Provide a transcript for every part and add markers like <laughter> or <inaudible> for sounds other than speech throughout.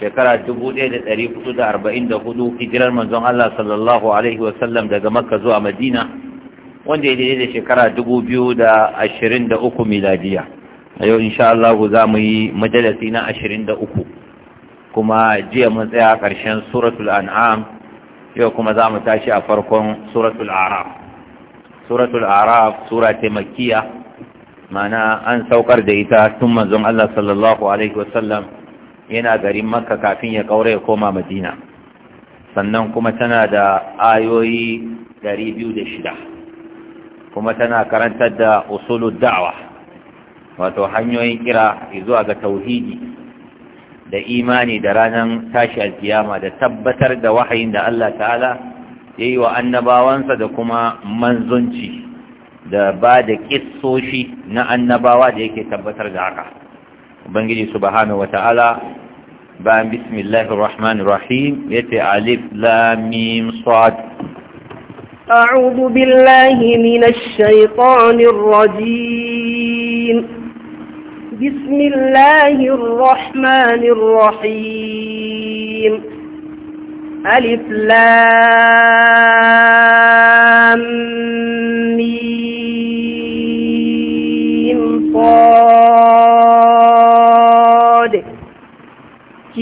shekara 1444 hijirar manzon Allah sallallahu alaihi wasallam daga makka zuwa madina wanda ya daidai da shekara 2023 miladiya a yau insha za mu yi majalasi na 23 kuma jiya mun tsaya a ƙarshen suratul an'am yau kuma za mu tashi a farkon suratul araf suratul araf sura ta makkiya ma'ana an saukar da ita tun manzon Allah sallallahu alaihi wasallam yana garin makka kafin ya kaura ya koma madina sannan kuma tana da ayoyi da shida, kuma tana karantar da usulul da'awa, wato hanyoyin kira zuwa ga tauhidi da imani da ranar tashi alkiyama da tabbatar da wahayin da Allah ta'ala ya yi wa annabawansa da kuma manzonci da ba da ƙisoshi na annabawa da yake tabbatar da haka ubangiji subhanahu ta'ala bayan bismillahir rahmanir rahim yace alif lam mim sad a'udhu billahi minash shaitanir rajim bismillahir rahmanir rahim alif lam mim sad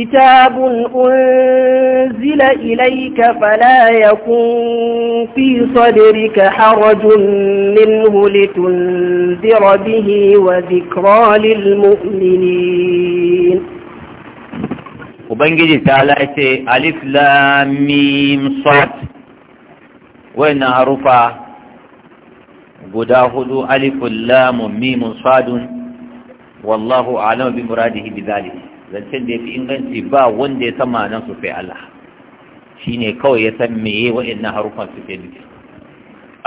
كتاب أنزل إليك فلا يكن في صدرك حرج منه لتنذر به وذكرى للمؤمنين وبنجي تعالى ألف لام ميم صاد وإن أعرف قداه ألف لام ميم صاد والله أعلم بمراده بذلك zancen da ya fi inganci ba wanda ya san ma'anan su sai Allah shi ne kawai ya san meye waɗannan harufan suke nufi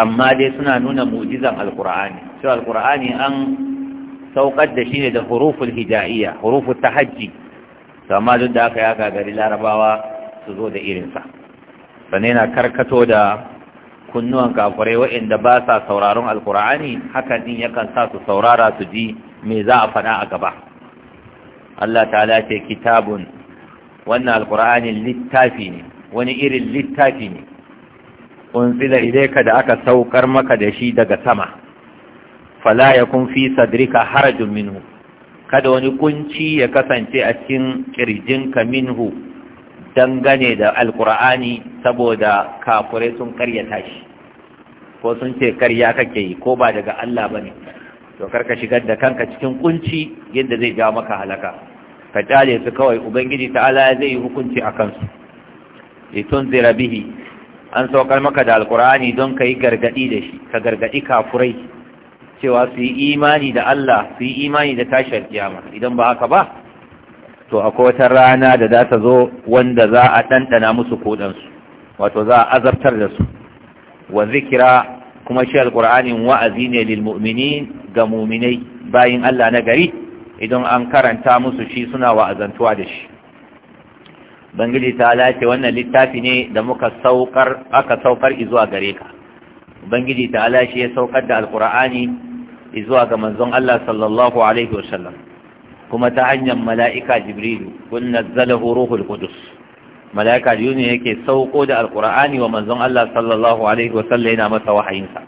amma dai suna nuna mu'jizan alkur'ani shi alkur'ani an saukar da shi ne da huruful hijaiya huruful tahajji to amma duk da aka ya gagari larabawa su zo da irinsa sannan yana karkato da kunnuwan kafurai waɗanda ba sa sauraron alkur'ani hakan din yakan sa su saurara su ji me za a faɗa a gaba Allah ta'ala ce kitabun wannan littafi ne wani irin littafi ne unzila ilayka da aka saukar maka da shi daga sama fala yakun fi sadrika harajun minhu kada wani kunci ya kasance a cikin kirjinka minhu dangane da alkur'ani saboda kafure sun karyata shi ko sun ce karya kake yi ko ba daga Allah ba ne to karka shigar da kanka cikin kunci yadda zai jawo maka halaka ka kyale su kawai ubangiji ta'ala zai yi hukunci a kansu litun zira an saukar maka da alkur'ani don ka yi gargadi da shi ka gargaɗi kafurai cewa su yi imani da Allah su yi imani da tashar kiyama idan ba haka ba to akwai wata rana da za ta zo wanda za a ɗanɗana musu kodansu wato za a azabtar da su wa zikira kuma shi alkur'anin wa'azi ne lil mu'minin ga mu'minai bayin Allah na gari idan an karanta musu shi suna wa'azantuwa da shi bangiji ta lace wannan littafi ne da muka saukar aka saukar izuwa gare ka bangiji ta lace ya saukar da alkur'ani izuwa ga manzon Allah sallallahu alaihi wasallam kuma ta hanyar mala'ika jibrilu kun nazzalahu ruhul Kudus. mala'ika jibrilu ne yake sauko da alkur'ani wa manzon Allah sallallahu alaihi wasallam yana masa wahayinsa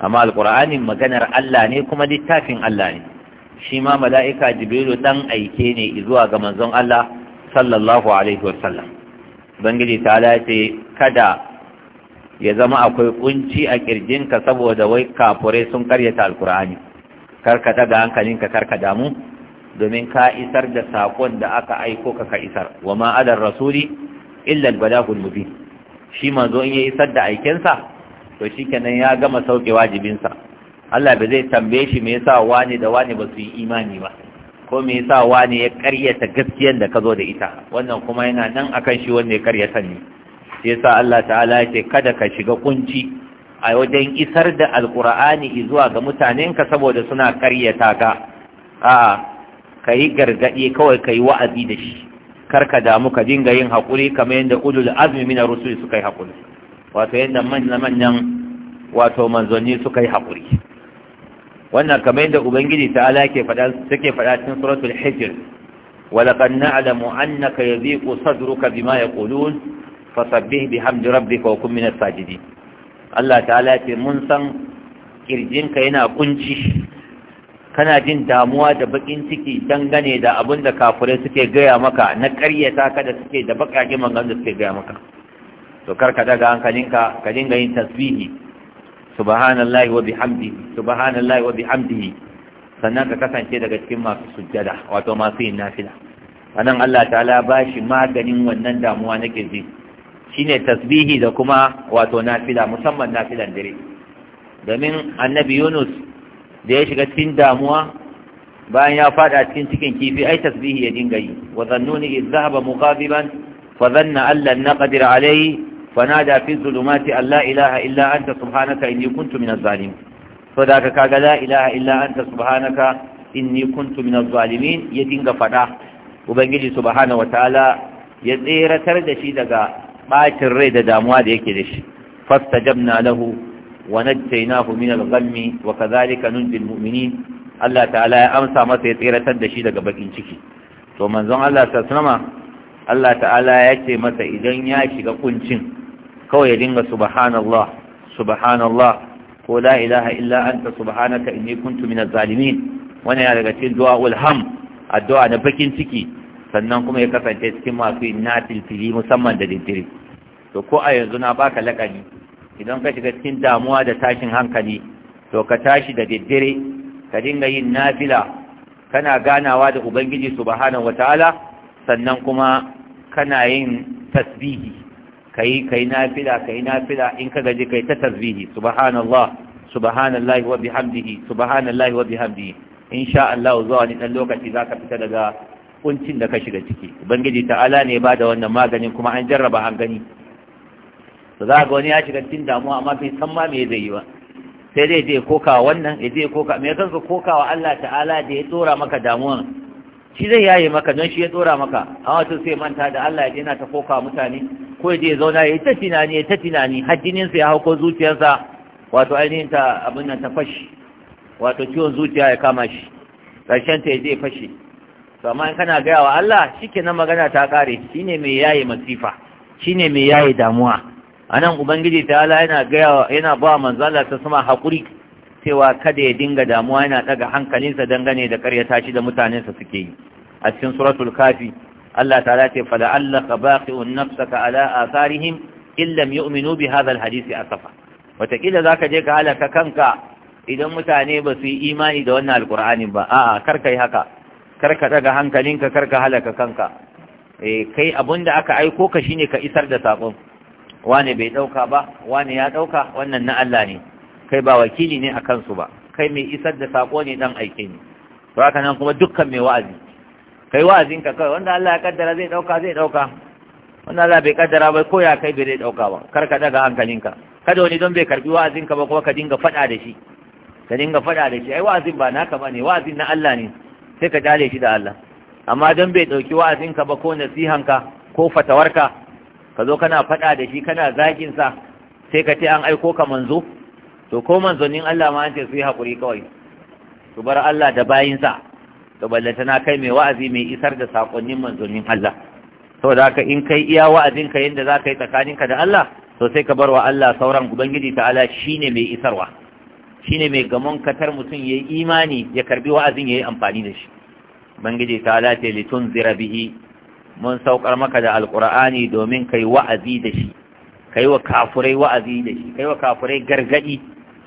amma alkur'ani maganar Allah ne kuma littafin Allah ne shi ma mala'ika jibrilu ɗan aike ne zuwa ga manzon Allah sallallahu alaihi wasallam bangiji ta ce kada ya zama akwai kunci a ka saboda wai kafurai sun karyata alkur'ani karka daga hankalinka karka damu domin ka isar da sakon da aka aiko ka ka isar wa ma rasuli illa albalagul shi manzo in ya isar da aikensa to kenan ya gama sauke wajibinsa Allah ba zai tambaye shi me yasa wani da wani ba su yi imani ba ko me yasa wani ya karyata gaskiyar da ka zo da ita wannan kuma yana nan akan shi wanda ya karyata ne shi yasa Allah ta'ala ya ce kada ka shiga kunci a wajen isar da alqur'ani zuwa ga mutanen ka saboda suna karyata ka a kai gargadi kawai kai wa'azi da shi Kar ka damu ka dinga yin hakuri kamar yadda ulul azmi min ar-rusul suka yi hakuri wato yadda manyan manyan wato manzanni suka yi hakuri wannan kamar yadda ubangiji ta'ala ke faɗa take faɗa cikin suratul hijr ولقد نعلم أنك يضيق صدرك بما يقولون فصبه بحمد ربك وكن Allah ta'ala ce mun san سن kirjinka yana kunci kana jin damuwa da bakin ciki dangane da abin da kafirai suke gaya maka na karyata ka da suke da bakake maganganu suke gaya maka to karka daga hankalinka ka dinga yin tasbihi subhanallahi wa bihamdihi subhanallahi wa bihamdihi sannan ka kasance daga cikin masu sujjada wato masu yin nafila anan Allah ta'ala ba shi maganin wannan damuwa na kirji shine tasbihi da kuma wato nafila musamman nafilan dare domin annabi Yunus da ya shiga cikin damuwa bayan ya fada cikin cikin kifi ai tasbihi ya dinga yi wa zannuni idh dhahaba mughadiban fa dhanna an lan naqdir alayhi fanada fi zulumati Allah ilaha illa anta subhanaka inni kuntu minaz zalimin to da ka kaga la ilaha illa anta subhanaka inni kuntu minaz zalimin ya dinga faɗa. ubangiji subhanahu wataala ya tseratar da shi daga bacin rai da damuwa da yake da shi na lahu wa najjaynahu min al-ghammi wa kadhalika nunjil mu'minin Allah ta'ala ya amsa masa ya tseratar da shi daga bakin ciki to manzon Allah sallallahu Allah ta'ala ya ce masa idan ya shiga ƙuncin. kawai ya dinga subhanallah subhanallah ko la ilaha illa anta subhanaka inni kuntu minaz zalimin wannan ya daga cikin zuwa ham addu'a na bakin ciki sannan kuma ya kasance cikin masu natil fili musamman da dindiri to ko a yanzu na baka lakani idan ka shiga cikin damuwa da tashin hankali to ka tashi da daddare ka dinga yin nafila kana ganawa da ubangiji subhanahu wataala sannan kuma kana yin tasbihi kai kai nafila kai nafila in ka gaji kai ta tasbihi subhanallah subhanallah wa bihamdihi subhanallah wa bihamdihi insha Allah zuwa ni dan lokaci zaka fita daga kuncin da ka shiga ciki ubangiji ta'ala ne ba da wannan maganin kuma an jarraba an gani to za ga wani ya shiga cikin damuwa amma bai san ma me zai yi ba sai dai je koka wannan ya je koka me zan su koka wa Allah ta'ala da ya tsora maka damuwan shi zai yaye maka don shi ya tsora maka a wato sai manta da Allah ya jina ta koka mutane ko ya je zauna ya ta tunani ya ta tunani hajjinin sa ya hauko zuciyarsa wato ainihin ta abin nan ta fashi wato ciwon zuciya ya kama shi karshen ta ya je fashi to amma in kana gaya wa Allah shikenan magana ta kare shine mai yaye masifa shine mai yaye damuwa anan ubangiji ta Allah yana gaya yana ba manzo Allah ta sama hakuri cewa kada ya dinga damuwa yana daga hankalinsa dangane da karyata shi da mutanensa suke yi a cikin suratul kafi Allah ta'ala ce la alla baqi'un nafsaka ala atharihim in lam yu'minu bi hadha alhadisi asafa kila zaka je ka halaka kanka idan mutane ba su yi imani da wannan alqur'ani ba a'a kar kai haka kar ka daga hankalinka kar ka halaka kanka eh kai abinda aka aiko ka shine ka isar da sakon wane bai dauka ba wane ya dauka wannan na Allah ne kai ba wakili ne a kansu ba kai mai isar da sako ne dan aike ne to haka nan kuma dukkan mai wa'azi kai wa'azin ka kai wanda Allah ya kaddara zai dauka zai dauka wanda Allah bai kaddara ba ko ya kai bai zai dauka ba kar ka daga hankalinka kada wani don bai karbi wa'azin ka ba kuma ka dinga fada da shi ka dinga fada da shi ai wa'azin ba naka bane wa'azin na Allah ne sai ka dale shi da Allah amma don bai dauki wa'azin ka ba ko nasihanka ko fatawarka ka zo kana fada da shi kana zagin sa sai ka ce an aiko ka manzo to ko manzonin Allah ma an ce su yi haƙuri kawai su bar Allah da bayinsa to na kai mai wa'azi mai isar da saƙonnin manzonin Allah to da ka in kai iya wa'azin ka yanda za ka yi tsakaninka da Allah to sai ka bar wa Allah sauran ubangiji ta'ala shine mai isarwa shine mai gamon katar mutum yayi imani ya karbi wa'azin ya yi amfani da shi ubangiji ta'ala ta litun zira bihi mun saukar maka da alqur'ani domin kai wa'azi da shi kai wa kafurai wa'azi da shi kai wa kafurai gargadi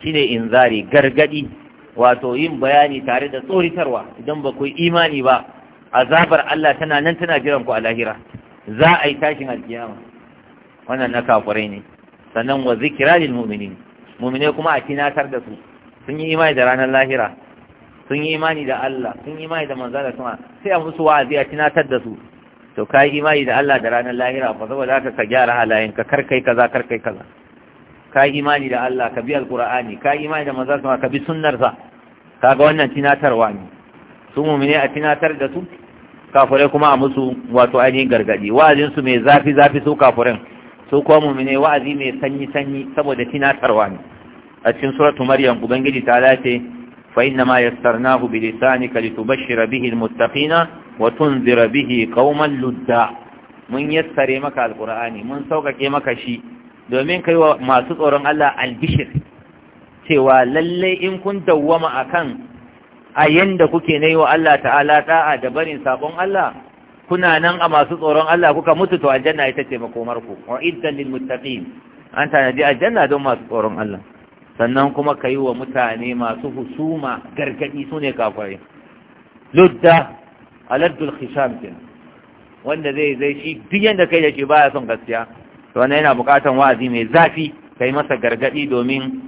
shine inzari gargadi wato yin bayani tare da tsoritarwa idan ba ku imani ba azabar Allah tana nan tana jiran ku a lahira za a yi tashin alkiyama wannan na kafurai ne sannan wa zikira lil mu'minin mu'mine kuma a tinatar da su sun yi imani da ranar lahira sun yi imani da Allah sun yi imani da manzo da kuma sai a musu wa'azi a tinatar da su to kai imani da Allah da ranar lahira fa saboda haka ka gyara halayen ka karkai kaza kar kai kaza ka imani da Allah ka bi alqur'ani ka imani da manzon ka bi sunnarsa kaga wannan tinatarwa ne su mu'mini a tinatar da su kafirai kuma a musu wato ainihin gargadi wa'azin su mai zafi zafi su kafirin su kuma mu'mini wa'azi mai sanyi sanyi saboda tinatarwa ne a cikin suratu maryam ubangiji ta lace fa inna ma yassarnahu bi lisanika litubashshira bihi almuttaqina wa tunzira bihi qauman ludda mun yassare maka alqur'ani mun saukake maka shi domin kai wa masu tsoron Allah albishir cewa lallai in kun dawwama akan a yanda kuke nayi wa Allah ta'ala da'a da barin sabon Allah kuna nan a masu tsoron Allah kuka mutu to aljanna ita ce makomarku wa iddan lil muttaqin an tanadi aljanna don masu tsoron Allah sannan kuma ka wa mutane masu husuma gargadi sune ne ludda aladul khisam kin wanda zai zai shi duk yanda kai da shi baya son gaskiya to wannan yana buƙatan wa'azi mai zafi kai masa gargaɗi domin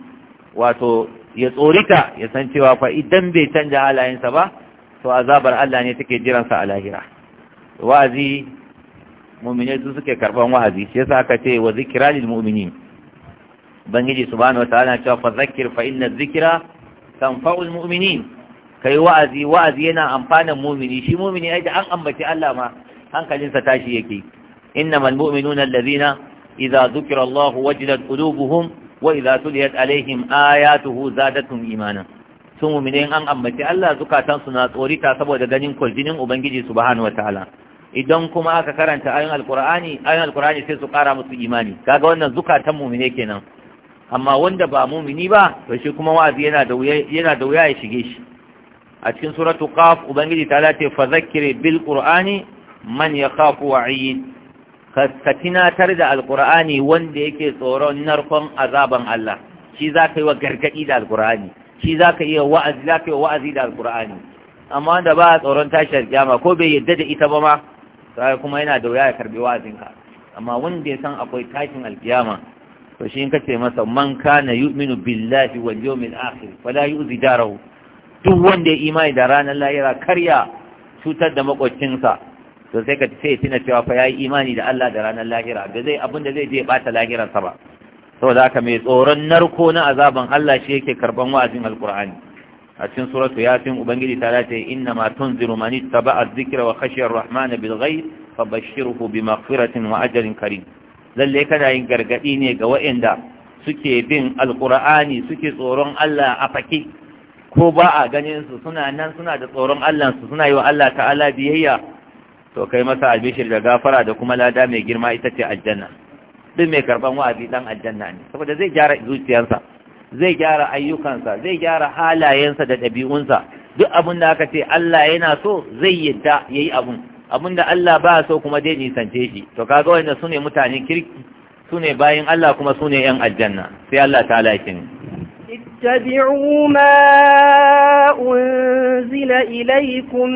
wato ya tsorita ya san cewa fa idan bai canja halayensa ba to azabar Allah ne take jiransa a lahira wa'azi mu'minai su suke karban wa'azi shi yasa aka ce wa zikra lil mu'minin bangiji subhanahu wataala cewa fa zakkir fa inna dhikra tanfa'ul mu'minin kai wa'azi wa'azi yana amfanan mu'mini shi mu'mini ai da an ambaci Allah ma hankalinsa tashi yake innamal mu'minuna allazina إذا ذكر الله وجلت قلوبهم وإذا تليت عليهم آياته زادتهم إيمانا sun mumine an ambaci Allah zukatansu na tsorita saboda ganin kwaljinin Ubangiji subhanahu wataala idan kuma aka karanta ayoyin alkur'ani ayoyin alkur'ani sai su kara musu imani kaga wannan zukatan mumine kenan amma wanda ba mumini ba to shi kuma wa'azi yana da wuya yana da wuya ya shige shi a cikin suratu qaf ubangiji ta ce fa zakkir bil qur'ani man yakhafu wa'id ka tinatar da alkur'ani wanda yake tsoron narkon azaban Allah shi za ka yi wa gargaɗi da alkur'ani shi za ka wa wa'azi za ka yi wa'azi da alkur'ani amma wanda ba tsoron tashi kyama ko bai yadda da ita ba ma sai kuma yana da wuya ya karbi wa'azinka amma wanda ya san akwai tashin alkiyama to shi in ka ce masa man kana yu'minu billahi wal yawmil akhir fala yu'zi darahu duk wanda ya imani da ranar lahira karya cutar da makocinsa to sai ka sai tuna cewa fa yayi imani da Allah da ranar lahira ga zai abin da zai je bata lahirar sa ba saboda haka mai tsoron narko na azaban Allah shi yake karban wa'azin alqur'ani a cikin suratu yasin ubangiji ta dace inna ma tunziru man ittaba'a dhikra wa khashiya ar-rahmana bil ghaib fabashshirhu bi maghfiratin wa ajrin karim lalle kana yin gargadi ne ga wa'anda suke bin alqur'ani suke tsoron Allah a fake ko ba a ganin su suna nan suna da tsoron Allah su suna yi wa Allah ta'ala biyayya to kai masa albishir da gafara da kuma lada mai girma ita ce aljanna duk mai karban wa'azi dan aljanna ne saboda zai gyara zuciyarsa zai gyara ayyukansa zai gyara halayensa da ɗabi'unsa duk abin da aka ce Allah yana so zai yadda yayi abun abin da Allah ba so kuma dai nisance shi to kaga wanda sune mutane kirki sune bayin Allah kuma sune yan aljanna sai Allah ta ni. اتبعوا ما أنزل إليكم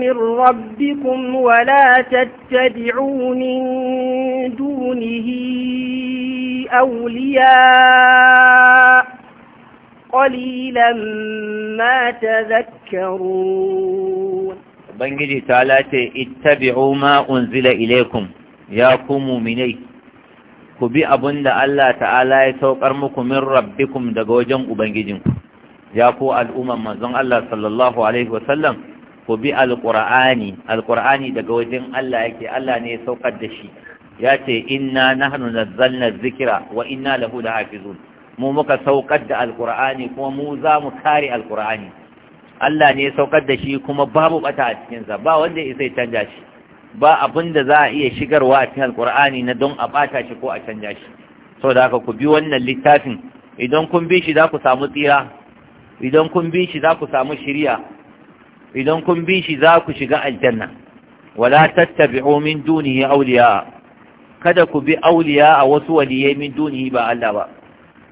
من ربكم ولا تتبعوا من دونه أولياء قليلا ما تذكرون بنجي تعالى اتبعوا ما أنزل إليكم يا قوم مني ku bi abin da Allah ta'ala ya saukar muku min rabbikum daga wajen ubangijinku ya ku al'umman manzon Allah sallallahu alaihi wasallam ku bi alqur'ani daga wajen Allah yake Allah ne ya saukar da shi ya ce inna nahnu nazzalna zikira, wa inna lahu lahafizun mu muka saukar da alur'ani kuma mu za mu kare alqur'ani Allah ne ya saukar da shi kuma babu bata a cikinsa, ba wanda ya isa ya canja shi ba abin da za a iya shigarwa a cikin alkur'ani na don a ɓata shi ko a canja shi sau da haka ku bi wannan littafin idan kun bi shi za ku samu tsira idan kun bi shi za ku samu shirya idan kun bi shi za ku shiga aljanna wala tattabi'u min dunihi awliya kada ku bi awliya a wasu waliyai min dunihi ba Allah ba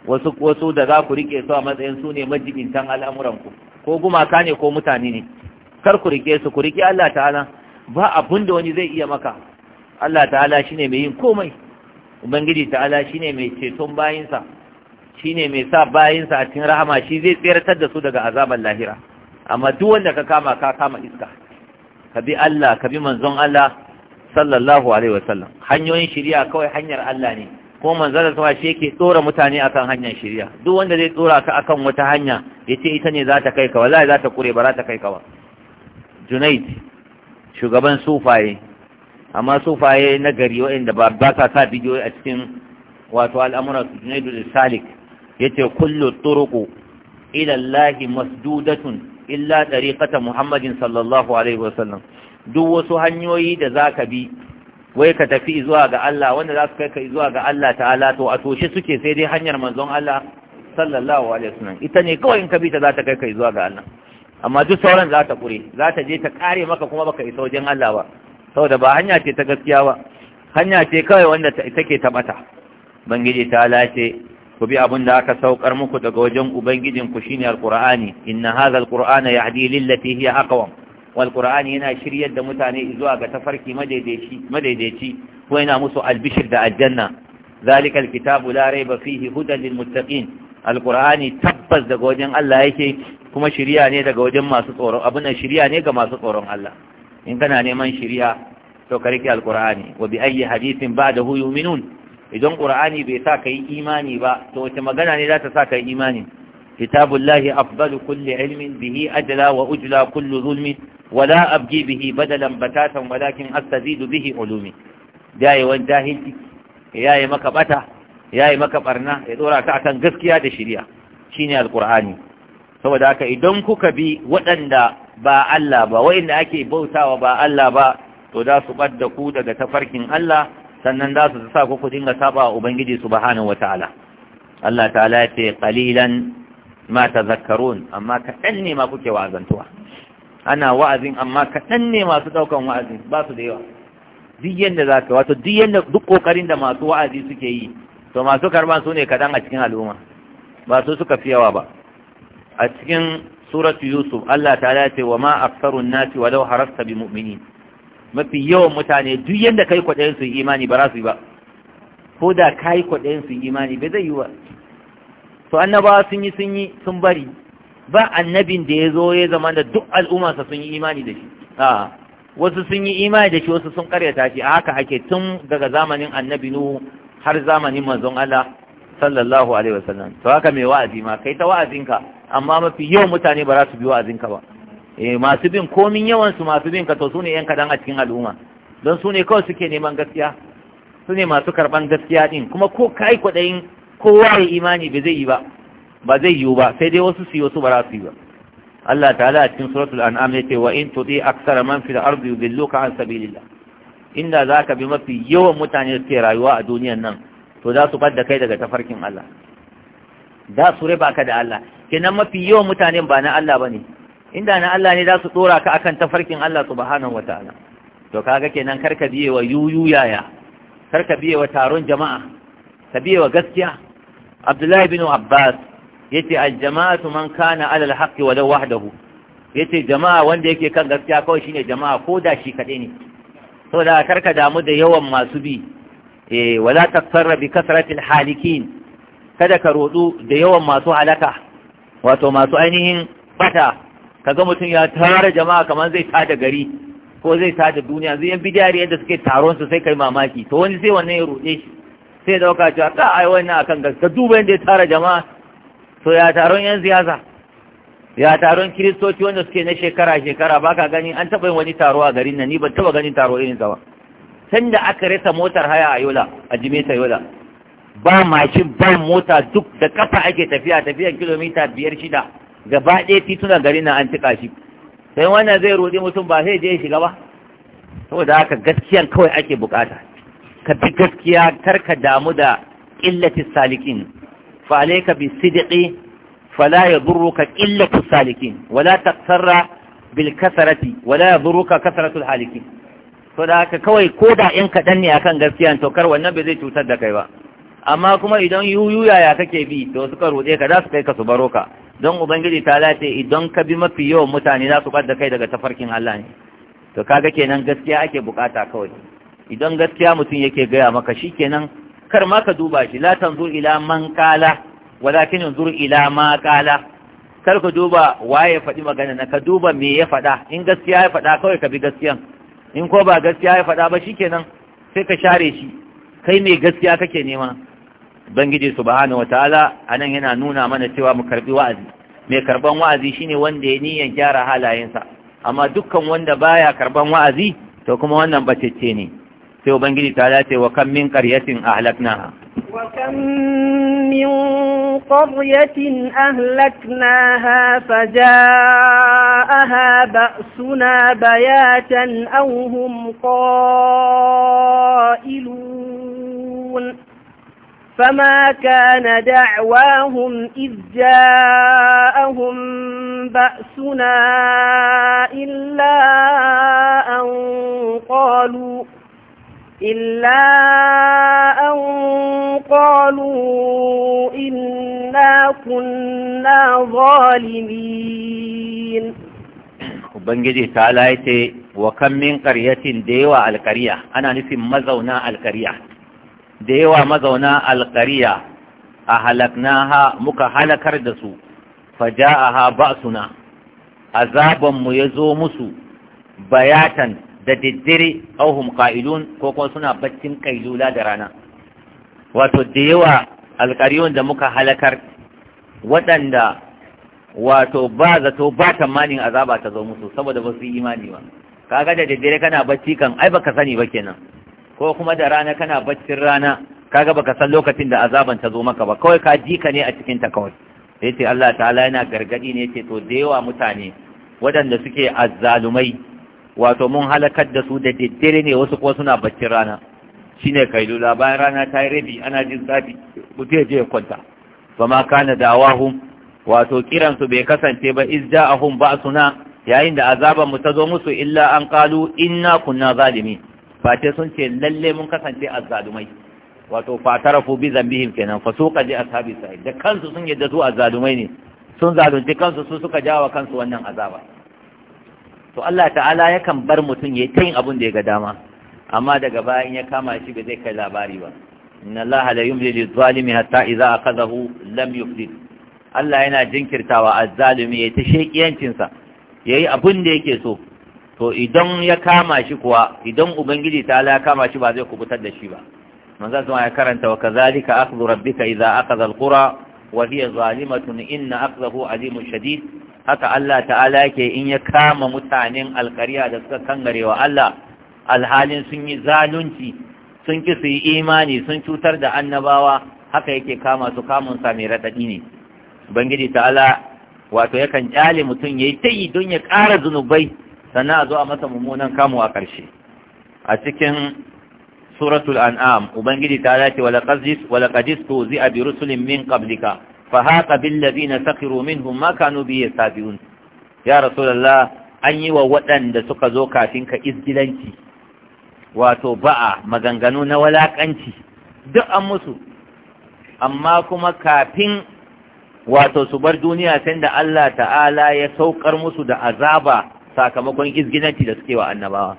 wasu wasu da za ku rike su a matsayin su ne majibintan al'amuranku ko gumaka ne ko mutane ne kar ku rike su ku rike Allah ta'ala ba abin da wani zai iya maka Allah ta'ala shi ne mai yin komai ubangiji ta'ala shi ne mai ceton bayinsa Shi ne mai sa bayinsa a cikin rahama shi zai tseratar da su daga azabar lahira amma duk wanda ka kama ka kama iska ka bi Allah ka bi manzon Allah sallallahu alaihi wasallam hanyoyin shari'a kawai hanyar Allah ne ko manzon Allah shi yake tsora mutane akan hanyar shari'a duk wanda zai tsora ka akan wata hanya yace ita ne za ta kai ka wallahi za ta kure ba za ta kai ka ba Junaid shugaban sufaye amma sufaye na gari wa'inda ba ba sa sa bidiyo a cikin wato al'amura su junaidu salik ce kullu turuku ila Allah masdudatun illa tariqata Muhammadin sallallahu alaihi wasallam duk wasu hanyoyi da za ka bi wai ka tafi zuwa ga Allah wanda za su kai ka zuwa ga Allah ta'ala to a toshe suke sai dai hanyar manzon Allah sallallahu alaihi wasallam ita ne kawai in ka bi ta za ta kai ka zuwa ga Allah amma duk sauran za ta ƙure za ta je ta ƙare maka kuma baka isa wajen Allah ba saboda ba hanya ce ta gaskiya ba hanya ce kawai wanda take ta bata bangiji ta lace ku bi abin da aka saukar muku daga wajen ubangijin ku shine alqur'ani inna hadha alqur'ana yahdi lati hiya aqwam wal qur'ani yana shiryar da mutane zuwa ga tafarki madaidaici madaidaici ko yana musu albishir da aljanna zalika alkitabu la raiba fihi hudan lil alqur'ani tabbas daga wajen Allah yake kuma shiriya ne daga wajen masu tsoron abin shiriya ne ga masu tsoron Allah in kana neman shiriya to ka rike alqur'ani wa bi ayyi hadithin ba'dahu yu'minun idan qur'ani bai sa kai imani ba to wace magana ne za ta sa kai imani kitabullahi afdalu kulli ilmin bihi ajla wa ujla kullu zulmi wala abgi bihi badalan batatan walakin astazidu bihi ulumi yayi wan jahilci yayi maka bata yayi maka barna ya dora ka akan gaskiya da shiriya shine alqur'ani saboda haka idan kuka bi waɗanda ba Allah ba waɗanda ake bautawa ba Allah ba to za su ɓadda ku daga tafarkin Allah sannan za su sa ku dinga saba wa Ubangiji subhanahu wata'ala Allah ta'ala ya ce qalilan ma tazakkarun amma kaɗan ne ma kuke wa'azantuwa ana wa'azin amma kaɗan ne masu ɗaukan wa'azin ba su da yawa duk yanda za ka wato duk yanda duk ƙoƙarin da masu wa'azi suke yi to masu karɓa su ne kaɗan a cikin al'umma ba su suka fi yawa ba a cikin suratu yusuf Allah ta ce wa ma aksarun nasi lau harasta bi mu'mini mafi yawan mutane duk yadda kai kwaɗayin su imani ba za su yi ba ko da kai kwaɗayin su imani bai zai yi ba to annabawa sun yi sun yi sun bari ba annabin da ya zo ya zama da duk al'ummarsa sun yi imani da shi a wasu sun yi imani da shi wasu sun karyata shi a haka ake tun daga zamanin annabi nu har zamanin manzon Allah sallallahu alaihi wasallam to haka mai wa'azi ma kai ta wa'azinka amma mafi yawan mutane ba za su biyo wa'azinka ba eh masu bin komin yawan su masu bin ka to sune yan kadan a cikin al'umma don sune kawai suke neman gaskiya sune masu karban gaskiya din kuma ko kai kwadayin kowa ya imani ba zai yi ba ba zai yi ba sai dai wasu su yi wasu ba za su yi ba Allah ta'ala a cikin suratul an'am ce wa in tudi aksara man fil ardi yudilluka an sabilillah inda zaka bi mafi yawan mutane da suke rayuwa a duniyar nan to za su bar da kai daga tafarkin Allah da su riba ka da Allah kenan mafi yawan mutanen ba na Allah ne. inda na Allah ne za su tsora ka akan tafarkin Allah subhanahu wataala to kaga kenan karka biye wa yuyu yaya karka biye wa taron jama'a ka biye wa gaskiya Abdullahi bin Abbas yace al-jama'atu man kana ala al-haqqi wa law wahdahu yace jama'a wanda yake kan gaskiya kawai shine jama'a ko da shi kadai ne saboda karka damu da yawan masu bi eh wala tasarra bi kasratil halikin kada ka rodu da yawan masu halaka wato masu ainihin bata ka ga mutum ya tara jama'a kamar zai tada gari ko zai tada duniya zai yan bidiyar yadda suke taron su sai kai mamaki to wani sai wannan ya ruɗe shi sai dauka cewa ka ai wannan akan gaske. duba yadda ya tara jama'a to ya taron yan siyasa ya taron kiristoci wanda suke na shekara shekara baka gani an taɓa yin wani taro a garin nan ni ban taɓa ganin taro irin sa ba sanda aka rasa motar haya a yola a jimeta yola ba mashin ba mota duk da kafa ake tafiya tafiyan kilomita biyar shida gaba ɗaya tituna gari na an tika shi sai wannan zai roɗe mutum ba sai je shiga ba saboda haka gaskiyan kawai ake bukata ka bi gaskiya kar ka damu da qillati salikin fa alayka bi sidqi fala yadurruka qillatu salikin wala taqtarra bil kasarati wala yadurruka kasratu al halikin saboda haka kawai da in kaɗan ne akan gaskiya to kar wannan bai zai cutar da kai ba amma kuma idan yuyu yaya kake bi to suka roɗe ka za su kai ka su baro ka don ubangiji ta lace idan ka bi mafi yawan mutane za su da kai daga tafarkin Allah ne to kaga kenan gaskiya ake bukata kawai idan gaskiya mutum yake gaya maka shikenan kar ma ka duba shi la tanzur ila man kala walakin yanzur ila ma kala kar ka duba waye faɗi magana na ka duba me ya faɗa in gaskiya ya faɗa kawai ka bi gaskiyan in ko ba gaskiya ya faɗa ba shikenan sai ka share shi kai mai gaskiya kake nema bangiji subhanahu wataala anan yana nuna mana cewa mu karbi wa'azi mai karban wa'azi shine wanda ya niyyar gyara halayensa amma dukkan wanda baya karban wa'azi to kuma wannan bacece ne sai ubangiji ta dace wa kan min qaryatin ahlaknaha wa kan min qaryatin ahlaknaha fajaaha ba'suna bayatan aw hum qa'ilun فما كان دعواهم إذ جاءهم بأسنا إلا أن قالوا إلا أن قالوا إنا كنا ظالمين Ubangiji ta laite wa kan min ƙaryatin da yawa alƙarya ana nufin mazauna alƙarya da yawa mazauna alƙariya a ha muka halakar da su a ba suna azabanmu ya zo musu bayatan da daddare auhum ƙa’ilun ko kuma suna baccin kailula da rana wato da yawa alƙariyun da muka halakar waɗanda wato ba zato ba tamanin azaba ta zo musu saboda ba su yi imani ba kaga da daddare kana bacci kan ai baka sani ba kenan ko kuma da rana kana baccin rana ka kaga baka san lokacin da azaban ta zo maka ba kawai ka ji ka ne a cikin ta kawai sai ce Allah ta'ala yana gargadi ne ce to da yawa mutane waɗanda suke azzalumai wato mun halakar da su da daddare ne wasu kuma suna baccin rana shine kailula bayan rana ta yi rabi ana jin zafi mutum je ya kwanta fa ma kana dawahum wato kiransu bai kasance ba iz ba ba'suna yayin da azaban mu ta zo musu illa an qalu inna kunna zalimin fate sun ce lalle mun kasance azzalumai wato fa tarafu bi zambihim kenan fa suka ji ashabi sai da kansu sun yadda su azzalumai ne sun zalunci kansu su suka jawa kansu wannan azaba to Allah ta'ala yakan bar mutum ya ta yin da ya ga dama amma daga baya in ya kama shi ba zai kai labari ba inna Allah la yumli zalimi hatta idza aqadahu lam yuflid Allah yana jinkirtawa azzalimi ya ta shekiyancin sa yayi abun da yake so to idan ya kama shi kuwa idan ubangiji ta ya kama shi ba zai kubutar da shi ba manzo sama ya karanta wa kazalika akhdhu rabbika idza akhadha alqura wa hiya zalimatun inna akhdahu alimun shadid haka Allah ta'ala yake in ya kama mutanen alkariya da suka kangare wa Allah alhalin sun yi zalunci sun ki su yi imani sun cutar da annabawa haka yake kama su kamun sa mai raɗaɗi ne ubangiji ta'ala wato yakan kyale mutum yayi tayi don ya ƙara zunubai sannan a zo a masa mummunan kamu a ƙarshe a cikin suratul an'am ubangiji ta dace wala qadis wala qadis tu zi bi rusulin min qablika fa haqa bil ladina sakhiru minhum ma kanu bi yasabiun ya rasulullah an yi wa waɗanda suka zo kafin ka izgilanci wato ba'a maganganu na walakanci duk an musu amma kuma kafin wato su bar duniya sai da Allah ta'ala ya saukar musu da azaba sakamakon izginanci da suke wa annabawa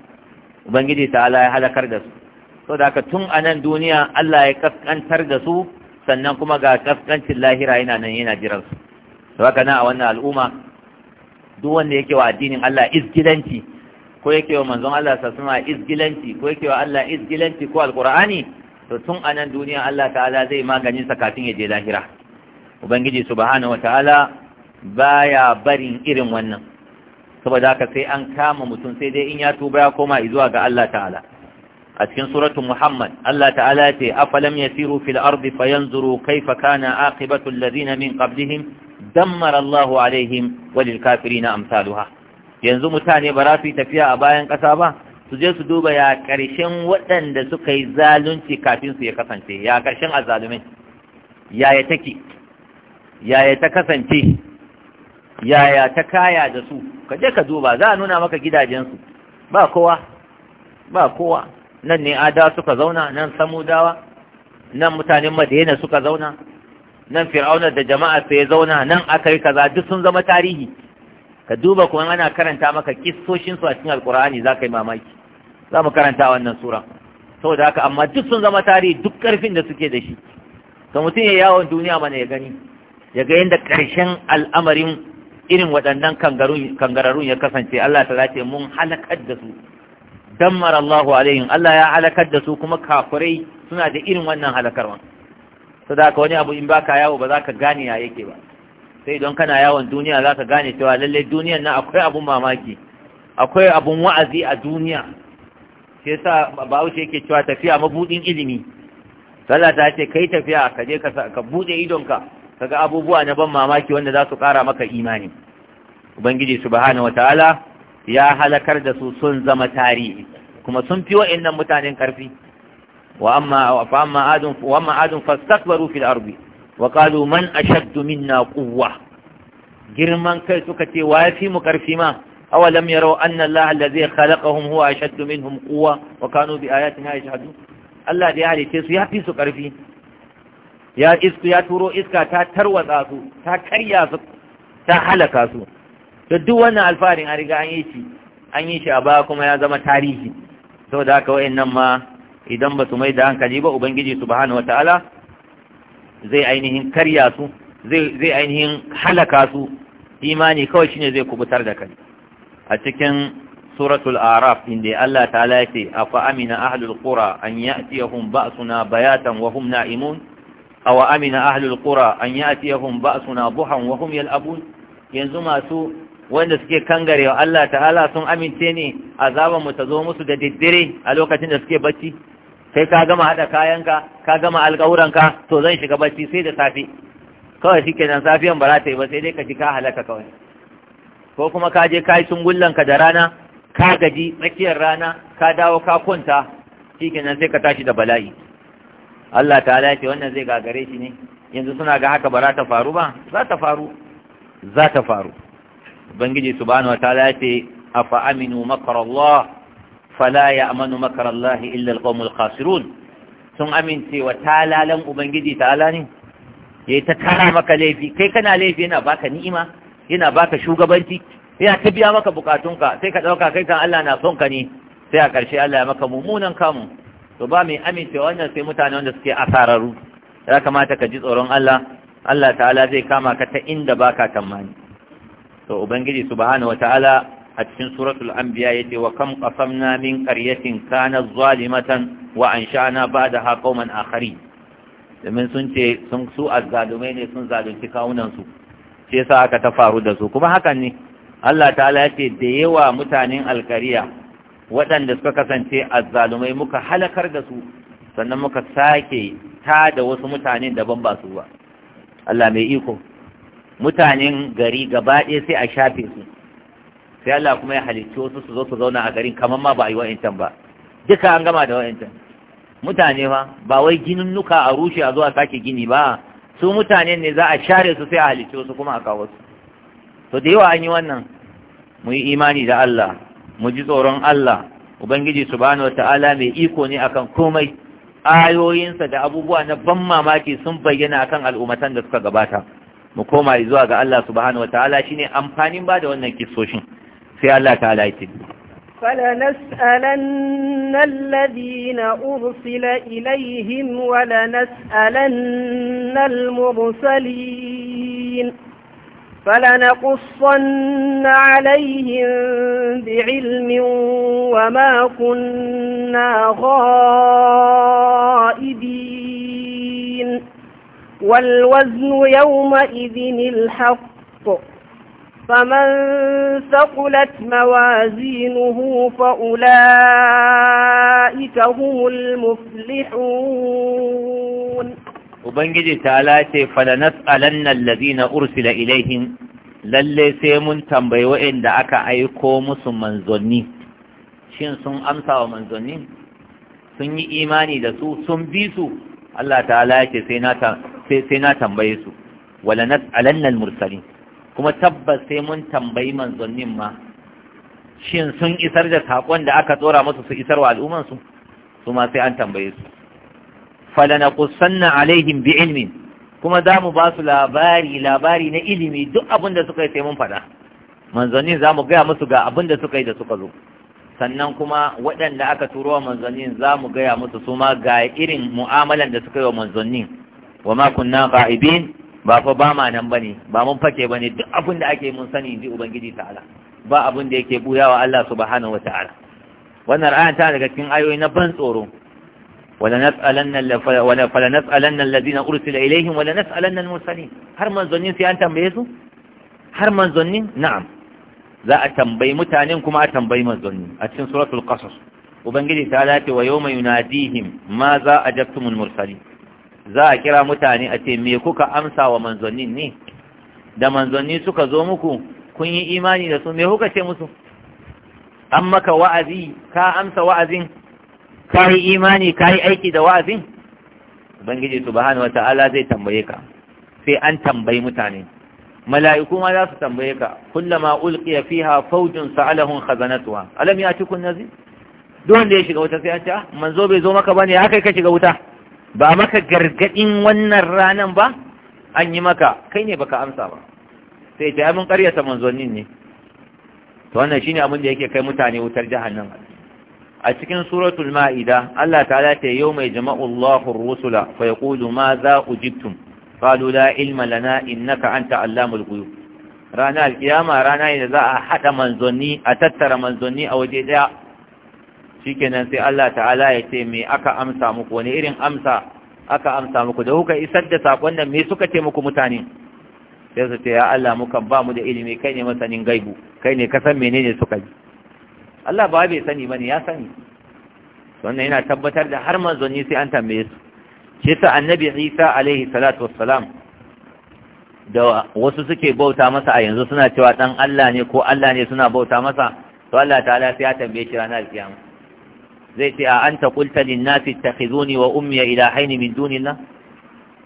ubangiji ta ala ya halakar da su so da aka tun a nan duniya Allah ya kaskantar da su sannan kuma ga kaskancin lahira yana nan yana jiran su to haka na a wannan al'umma duk wanda yake wa addinin Allah izgilanci ko yake wa manzon Allah sa suna izgilanci ko yake wa Allah izgilanci ko alqur'ani to tun a nan duniya Allah ta'ala zai magani sa kafin ya je lahira ubangiji subhanahu wataala baya barin irin wannan saboda haka sai an kama mutum sai dai in ya tuba ya koma zuwa ga Allah ta'ala a cikin suratu Muhammad Allah ta'ala ce afalam yasiru fil ardi fayanzuru kaifa kana aqibatu alladhina min qablihim dammara Allahu alaihim walil kafirina amsaluha yanzu mutane ba za su tafiya a bayan ƙasa ba su je su duba ya waɗanda suka yi zalunci kafin su ya kasance ya ƙarshen azalumin yaya take yaya ta kasance yaya ta kaya da su ka je ka duba za a nuna maka gidajensu ba kowa ba kowa nan ne ada suka zauna nan samudawa nan mutanen madina suka zauna nan fir'auna da jama'a sai zauna nan aka yi kaza duk sun zama tarihi ka duba kuma ana karanta maka kissoshin su a cikin alkur'ani za ka yi mamaki za mu karanta wannan sura saboda haka amma duk sun zama tarihi duk karfin da suke da shi Ka mutum ya yawon duniya mana ya gani ya ga yadda ƙarshen al'amarin irin waɗannan kangararun ya kasance Allah ta ce mun halakar da su dammar Allah alaihim Allah ya halakar da su kuma kafurai suna da irin wannan halakarwa sadaka wani abu in baka yawo ba za ka gane ya yake ba sai don kana yawon duniya za ka gane cewa lalle duniyan na akwai abun mamaki akwai abun wa'azi a duniya shi yasa bahaushe yake cewa tafiya mabudin ilimi sallah ta ce kai tafiya ka je ka bude idonka kaga abubuwa na ban mamaki wanda za su ƙara maka imani ubangiji subhanahu wataala ya halakar da su sun zama tarihi kuma sun fi wa'annan mutanen ƙarfi wa amma fa amma adun wa amma adun fastakbaru fil ardi wa qalu man ashaddu minna quwwa girman kai suka ce wa yafi mu ƙarfi ma awalam yarau anna allaha allazi khalaqahum huwa ashaddu minhum quwwa wa kanu bi ayatina yajhadun Allah da ya halice su ya fi su ƙarfi ya isku ya turo iska ta tarwatsa su ta karya su ta halaka su da duk wannan alfarin an riga an yi shi an yi shi a baya kuma ya zama tarihi saboda haka wayannan ma idan ba su mai da hankali ba ubangiji subhanahu wataala zai ainihin karya su zai ainihin halaka su imani kawai shine zai kubutar da kai a cikin suratul araf inda Allah ta'ala yake afa amina ahlul qura an ya'tiyahum ba'suna bayatan wa hum na'imun awa amina ahlul qura an ya'tiyahum ba'suna duhan wa hum yal'abun yanzu masu wanda suke kangarewa Allah ta'ala sun amince ne azaban mu ta zo musu da diddire a lokacin da suke bacci sai ka gama hada kayanka ka gama alƙawuranka to zan shiga bacci sai da safe kawai kenan safiyan ba za ta yi ba sai dai ka ji ka halaka kawai ko kuma ka je ka yi ka da rana ka gaji tsakiyar rana ka dawo ka kwanta kenan sai ka tashi da bala'i Allah ta ce wannan zai gagare shi ne yanzu suna ga haka ba za ta faru ba za ta faru za ta faru ubangiji subhanahu wataala ya ce afa aminu makar Allah fala ya'manu makar Allah illal alqawmul khasirun sun amince wa talalan ubangiji ta'ala ne yi ta kara maka laifi kai kana laifi yana baka ni'ima yana baka shugabanci yana ta biya maka bukatunka sai ka ɗauka kai kan Allah na son ka ne sai a ƙarshe Allah ya maka mummunan kamu to ba mai amincewa wannan sai mutane wanda suke asararru. ya kamata ka ji tsoron Allah Allah ta'ala zai kama ka ta inda baka tamani to ubangiji subhanahu wataala a cikin suratul anbiya yace wa kam qasamna min qaryatin kana zalimatan wa ansha'na ba'daha qauman akhari. domin sun ce sun su azzalumai ne sun zalunci kawunan su sai sa aka ta faru da su kuma hakan ne Allah ta'ala yace da yawa mutanen alkariya waɗanda suka kasance azzalumai muka halakar da su sannan muka sake ta da wasu mutanen daban ba su ba Allah mai iko mutanen gari gaba ɗaya sai a shafe su sai Allah kuma ya halicci wasu su zo su zauna a garin kamar ma ba a yi wa'incan ba duka an gama da wa'incan mutane ba ba wai ginin nuka a rushe a zuwa sake gini ba su mutane ne za a share su sai a halicci wasu kuma a kawo su to da yawa an yi wannan mu yi imani da Allah mu ji tsoron Allah ubangiji subhanahu wataala mai iko ne akan komai ayoyinsa da abubuwa na ban mamaki sun bayyana akan al'ummatan da suka gabata mu koma zuwa ga Allah subhanahu wataala shine amfanin ba da wannan kissoshin sai Allah ta'ala ya ce ursila الذين أرسل إليهم ولنسألن المرسلين فلنقصن عليهم بعلم وما كنا غائبين والوزن يومئذ الحق فمن ثقلت موازينه فأولئك هم المفلحون ubangiji ta lace falanas alannan lazina ursila ilaihin lalle sai mun tambayi waɗanda aka aiko musu manzanni shin sun amsa wa manzanni sun yi imani da su sun bi su Allah ta lace sai na tambaye su walanas alannan mursalin kuma tabbas sai mun tambayi manzannin ma shin sun isar da saƙon da aka tsora musu su isar wa al'ummansu su ma sai an tambaye su falanaqussanna alaihim bi ilmin kuma za mu ba su labari labari na ilimi duk abin da suka yi sai mun faɗa manzannin za mu gaya musu ga abin da suka yi da suka zo sannan kuma waɗanda aka turo wa manzannin za mu gaya musu su ma ga irin mu'amalan da suka yi wa manzannin wa ma kunna ga'ibin ba fa ba ma nan bane ba mun fake bane duk abin da ake mun sani bi ubangiji ta'ala ba abin da yake buya wa Allah subhanahu wata'ala wannan ra'ayin ta daga cikin ayoyi na ban tsoro ولنسألن الذين أرسل إليهم ولنسألن المرسلين هل منظنين في أن تنبيزوا هل منظنين نعم لا أتنبي متانينكم أتنبي منظنين أتن سورة القصص وبنجد تعالى ويوم يناديهم ماذا أجبتم المرسلين za a kira mutane a ce me kuka amsa wa manzannin ne da manzanni suka zo muku kun yi imani da su me kuka ce musu an maka wa'azi ka amsa wa'azin ka yi imani ka yi aiki da wa'azin ubangiji subhanahu ala zai tambaye ka sai an tambayi mutane mala'iku ma za su tambaye ka ulki ya fi fawjun sa’alahun hazanatuwa. alam cikin nazir Don da ya shiga wuta sai an ce ah, manzo bai zo maka ba ne? ya kai ka shiga wuta ba maka gargadin wannan ranan ba an yi maka kai ne baka amsa ba sai ta yi mun karyata manzonin ne to wannan shine abin da yake kai mutane wutar jihar nan. a cikin suratul ma'ida Allah ta'ala ta yau mai jama'ullahu rusula fa yaqulu ma za ujibtum qalu la ilma lana innaka anta allamul ghuyub rana alkiyama rana ne za a hada manzonni a tattara manzonni a waje daya shikenan sai Allah ta'ala ya ce me aka amsa muku wani irin amsa aka amsa muku da kuka isar da sakon nan me suka ce muku mutane sai su ce ya Allah muka ba mu da ilimi kai ne masanin gaibu kai ne kasan san menene suka ji Allah ba bai sani ne, ya sani wannan yana tabbatar da har manzanni sai an tambaye su shi sa annabi Isa alaihi salatu wassalam da wasu suke bauta masa a yanzu suna cewa dan Allah ne ko Allah ne suna bauta masa to Allah ta'ala sai ya tambaye shi ranar kiyama zai ce a anta qulta lin nasi ittakhizuni wa ummi ila ilahaini min dunillah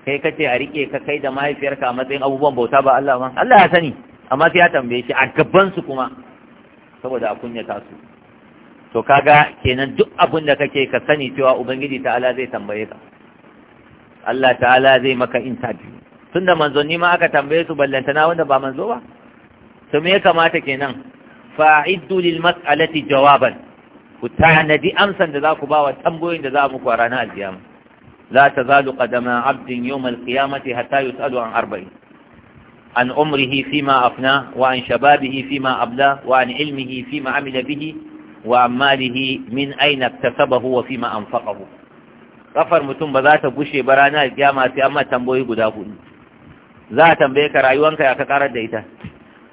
kai kace a rike ka kai da mahaifiyarka a matsayin abubuwan bauta ba Allah ba Allah ya sani amma sai ya tambaye shi a gaban su kuma saboda a kunyata su to kaga kenan duk abin da kake ka sani cewa ubangiji ta'ala zai tambaye ka Allah ta'ala zai maka interview tunda ni ma aka tambaye su na wanda ba manzo ba to me ya kamata kenan fa'iddu lil mas'alati jawaban ku tanadi amsan da za ku bawa tambayoyin da za mu kwara na aljiyama la tazalu qadama abdin yawm al-qiyamati hatta yus'alu an arba'in عن عمره فيما أفناه وعن شبابه فيما أبلاه وعن علمه فيما عمل به وعن ماله من أين اكتسبه وفيما أنفقه kafar mutum ba za ta gushe ba ranar kiyama sai amma tamboyi guda hudu za a tambaye ka rayuwanka ya ka karar da ita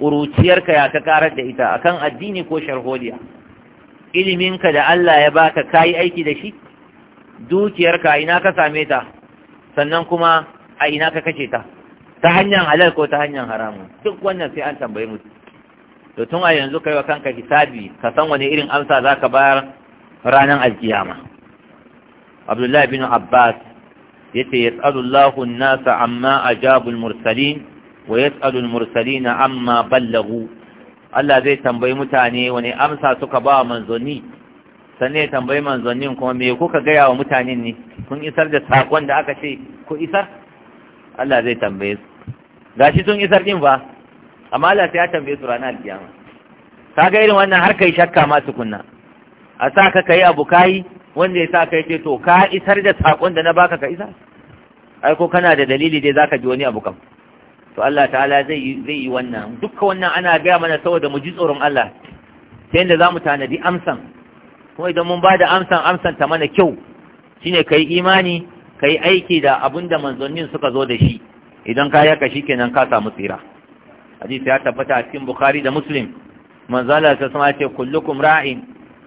uruciyarka ya ka karar da ita akan addini ko sharholiya iliminka da Allah ya baka kayi aiki da shi dukiyarka ina ka same ta sannan kuma a ina ka kashe ta ta hanyar halal ko ta hanyar haramun duk wannan sai an tambayi mutum to tun a yanzu kai wa kanka hisabi ka san wani irin amsa za ka bayar ranar alkiyama abdullahi bin abbas ya ce ya lahu nasa amma a jabul mursalin wa ya tsalul mursalina amma ballahu Allah zai tambayi mutane wani amsa suka ba manzanni sannan ya tambayi manzannin kuma me kuka gaya wa mutanen ne kun isar da sakon da aka ce ku isar Allah zai tambaye su gashi sun isar din fa amma Allah sai ya tambaye su ranar alkiyama ga irin wannan har kai shakka ma kunna. a sa ka kai abu kai wanda ya sa kai ce to ka isar da sakon da na baka ka isa? ai ko kana da dalili dai zaka ji wani abu kam to Allah ta'ala zai zai yi wannan Dukka wannan ana gaya mana saboda mu ji tsoron Allah sai inda zamu tanadi amsan kuma idan mun bada amsan amsan ta mana kyau shine kai imani ka yi aiki da abin da manzannin suka zo da shi idan ka yaka shi kenan ka samu tsira hadisi ya tabbata a cikin bukhari da muslim manzala ta sama ce kullukum ra'in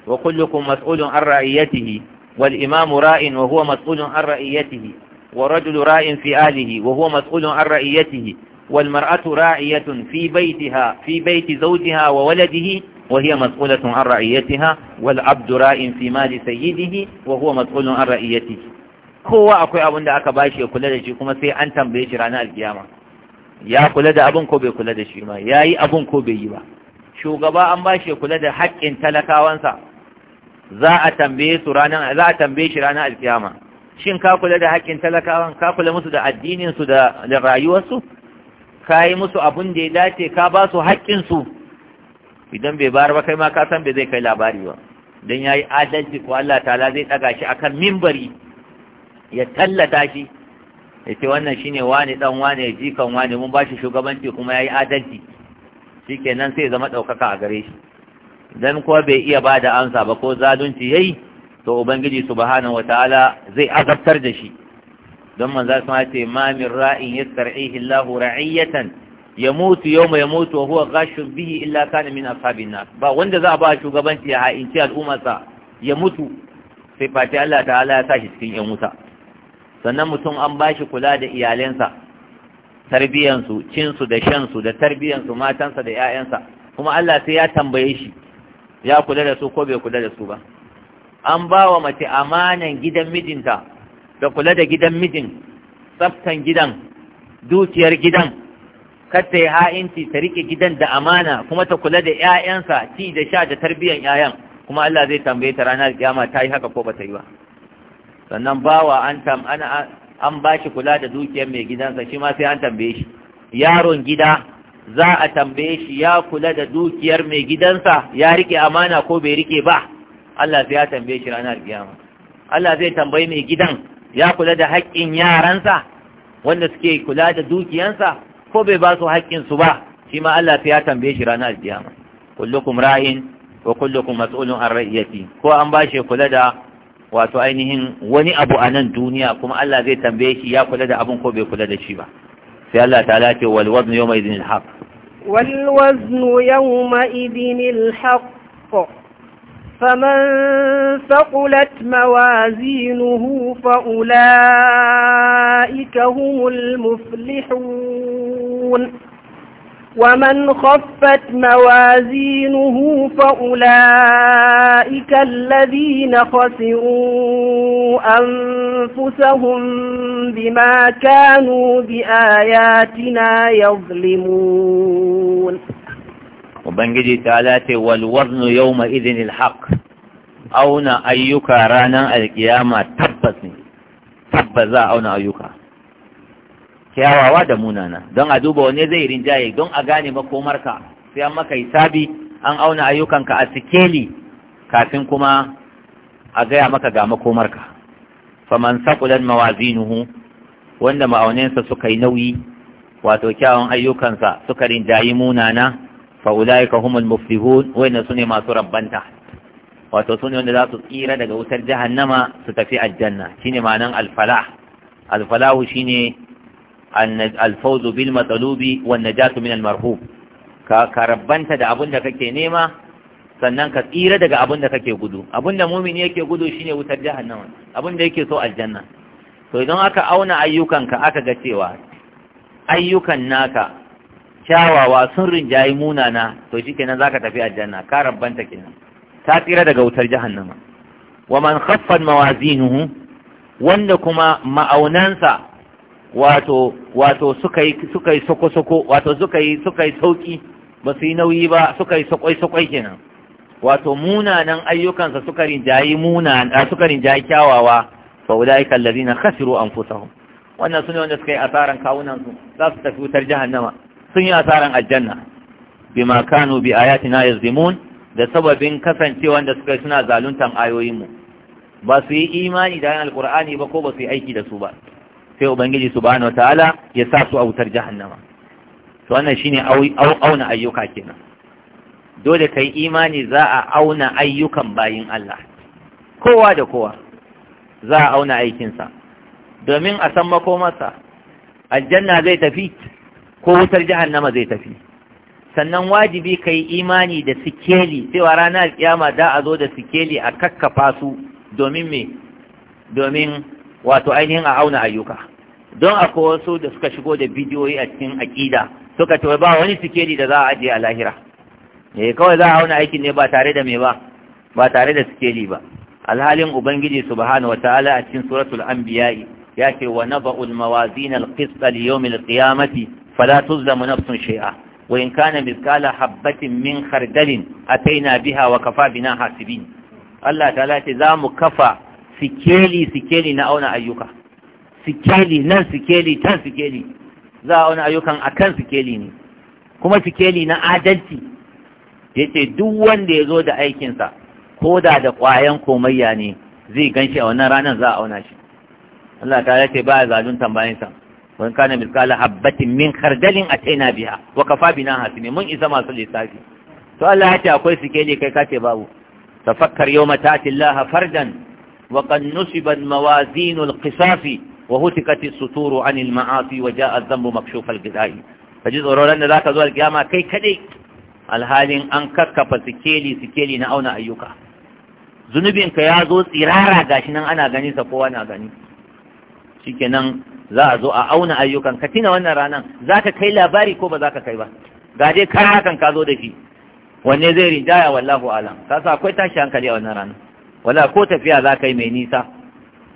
wa kullukum mas'ulun an ra'iyatihi wal imamu ra'in wa huwa mas'ulun an ra'iyatihi wa rajulu ra'in fi alihi wa huwa mas'ulun an ra'iyatihi wal mar'atu ra'iyatun fi baitiha fi baiti zawjiha wa waladihi وهي مسؤولة عن رعيتها والعبد راء في مال سيده وهو مسؤول عن رعيته kowa akwai abin da aka bashi ya kula da shi kuma sai an tambaye shi ranar alkiyama ya kula da abin ko bai kula da shi ba ya yi abin ko bai yi ba shugaba an bashi ya kula da haƙƙin talakawansa za a tambaye su ranar za a tambaye shi ranar alkiyama shin ka kula da haƙƙin talakawan ka kula musu da addinin su da da rayuwarsu ka yi musu abin da ya dace ka ba su haƙƙin su idan bai bayar ba kai ma ka san bai zai kai labari ba dan yayi adalci ko Allah ta'ala zai daga shi akan mimbari ya tallata shi ya ce wannan shine wani dan wani jikan wane mun ba shi shugabanci kuma ya yi adalci shikenan sai zama ɗaukaka a gare shi dan kuwa bai iya ba da amsa ba ko zalunci yayi to ubangiji subhanahu wataala zai azabtar da shi don manzo sun ce ma min ra'in yastar'ihi ya mutu yau mai mutu wa huwa gashin bihi illa kana min ashabin ba wanda za a ba shugabanci ya ha'inci al'ummarsa ya mutu sai fati Allah ta'ala ya sa shi cikin yan wuta sannan mutum an ba shi kula da iyalensa tarbiyansu cinsu da shansu da tarbiyansu matansa da 'ya'yansa kuma Allah sai ya tambaye shi ya kula da su ko bai kula da su ba an ba wa mace amanan gidan mijinta da kula da gidan mijin tsaftan gidan dukiyar gidan kar ta yi ha'inci ta rike gidan da amana kuma ta kula da 'ya'yansa ci da sha da tarbiyan 'ya'yan kuma Allah zai tambaye ta ranar kiyama ta yi haka ko ba ta yi ba sannan bawa an tam ana an bashi kula da dukiyar mai gidansa shi ma sai an tambaye shi yaron gida za a tambaye shi ya kula da dukiyar mai gidansa ya rike amana ko bai rike ba Allah sai ya tambaye shi ranar kiyama Allah zai tambayi mai gidan ya kula da haƙƙin yaransa wanda suke kula da dukiyansa ko bai ba su haƙƙin su ba shi ma Allah sai ya tambaye shi ranar kiyama kullukum ra'in wa kullukum mas'ulun an ra'iyati ko an bashi kula da wato ainihin wani abu a nan duniya kuma Allah zai tambaye shi ya kula da abin ko bai kula da shi ba sai Allah ta ce wal wazn yawma idin al haq wal wazn yawma idin faman saqulat mawazinuhu fa ulaika humul muflihun ومن خفت موازينه فأولئك الذين خسروا أنفسهم بما كانوا بآياتنا يظلمون وبنجي تعالى والوزن يومئذ الحق أونا أيك رانا القيامة تبتني تبزا أونا أيك kyawawa da munana don a duba wane zai rinjaye don a gane makomarka sai an maka hisabi an auna ayyukanka a sikeli kafin kuma a gaya maka ga makomarka faman saqulan mawazinuhu wanda ma'aunensa suka yi nauyi wato kyawun ayyukansa suka rinjayi munana fa ulaika humul muflihun wayna ne masu rabbanta wato ne wanda za su tsira daga wutar jahannama su tafi aljanna shine ma'anan alfalah alfalahu shine alfawzu bil matsalubi wan najatu min al marhub ka karabanta da abin da kake nema sannan ka tsira daga abin da kake gudu abin da mumini yake gudu shine wutar jahannama abin da yake so aljanna to idan aka auna ayyukanka aka ga cewa ayyukan naka kyawawa sun rinjayi munana to shikenan zaka tafi aljanna ka rabbanta kenan ta tsira daga wutar jahannama wa man khaffat mawazinuhu wanda kuma ma'aunansa wato suka yi suka soko-soko wato suka yi sauki ba su yi nauyi ba suka yi sakwai-sakwai kenan wato munanan ayyukansa suka rinjayi munanan suka rinjayi kyawawa fa ulaika allazina khasiru anfusahum wannan sune wanda suka yi asaran kawunan su za su tafi wutar jahannama sun yi asaran aljanna bima kanu bi ayatina yazlimun da sababin kasancewa da suka yi suna zaluntan ayoyin mu ba su yi imani da alqur'ani ba ko ba su yi aiki da su ba sai ubangiji subhanahu wataala ya sa su a wutar jahannama to wannan shine auna ayyuka kenan dole kai imani za a auna ayyukan bayin Allah kowa da kowa za a auna aikinsa domin a san makomarsa aljanna zai tafi ko wutar jahannama zai tafi sannan wajibi ka yi imani da sikeli sai wa ranar kiyama da a zo da sikeli a kakkafa su domin me domin wato ainihin a auna ayyuka don akwai wasu da suka shigo da bidiyoyi a cikin aƙida suka ce ba wani sikeli da za a ajiye a lahira eh kawai za a auna aikin ne ba tare da me ba ba tare da sikeli ba alhalin ubangiji subhanahu wataala a cikin suratul anbiya'i ya ce wa naba'ul mawazin alqist liyawmil qiyamati fala tuzlamu nafsun shay'a wa in kana mithqala habatin min khardalin ataina biha wa kafa bina hasibin Allah ta'ala ce za mu kafa sikeli sikeli na auna ayyuka sikeli nan sikeli tan sikeli za a auna ayyukan akan sikeli ne kuma sikeli na adalci ya ce duk wanda ya zo da aikinsa ko da da ƙwayan komayya ne zai gan shi a wannan ranar za a auna shi Allah ta ce ba zalun tambayin sa wani kana miskala habbatin min kardalin a taina biya wa kafa bina hasimi mun isa masu lissafi to Allah ya ce akwai sikeli kai kace babu tafakkar yau mata laha fardan وقد نصب الموازين القصاص وهتكت السطور عن المعاصي وجاء الذنب مكشوف الجزاء فجزء رولان ذاك ذو القيامة كي كدي الهالين أنكك فسكيلي سكيلي نأونا أيوكا zunubinka ya zo tsirara gashi nan ana gani sa kowa na gani za a zo a auna ayyukan ka tina wannan ranar za ka kai labari ko ba za ka kai ba ga dai kan ka zo da shi wanne zai rinjaya wallahu alam ka sa akwai tashi hankali a wannan ranar wala ko tafiya za ka yi mai nisa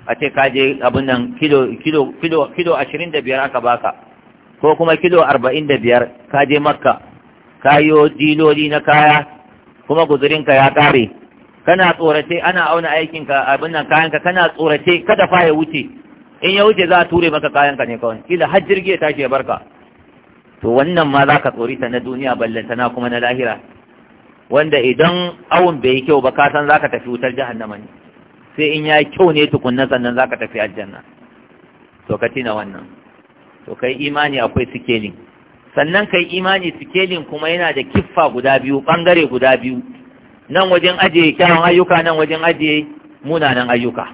a ce ka je abin nan kilo ashirin da biyar aka baka ko kuma kilo arba'in da biyar ka je makka kayo diloli na kaya kuma guzurinka ya kare kana tsorace ana auna aikinka abin nan kayanka kana tsorace kada fa ya wuce in ya wuce za a ture maka kayanka ne kawai kila har jirgi ya tashi ya barka to wannan ma za ka tsorita na duniya ballantana kuma na lahira wanda idan awun bai yi kyau ba ka san zaka tafi wutar jahannama ne sai in yi kyau ne tukunna sannan zaka tafi aljanna to ka tina wannan to kai imani akwai sikelin sannan kai imani sikelin kuma yana da kiffa guda biyu bangare guda biyu nan wajen ajiye kyawun ayyuka nan wajen ajiye munanan ayyuka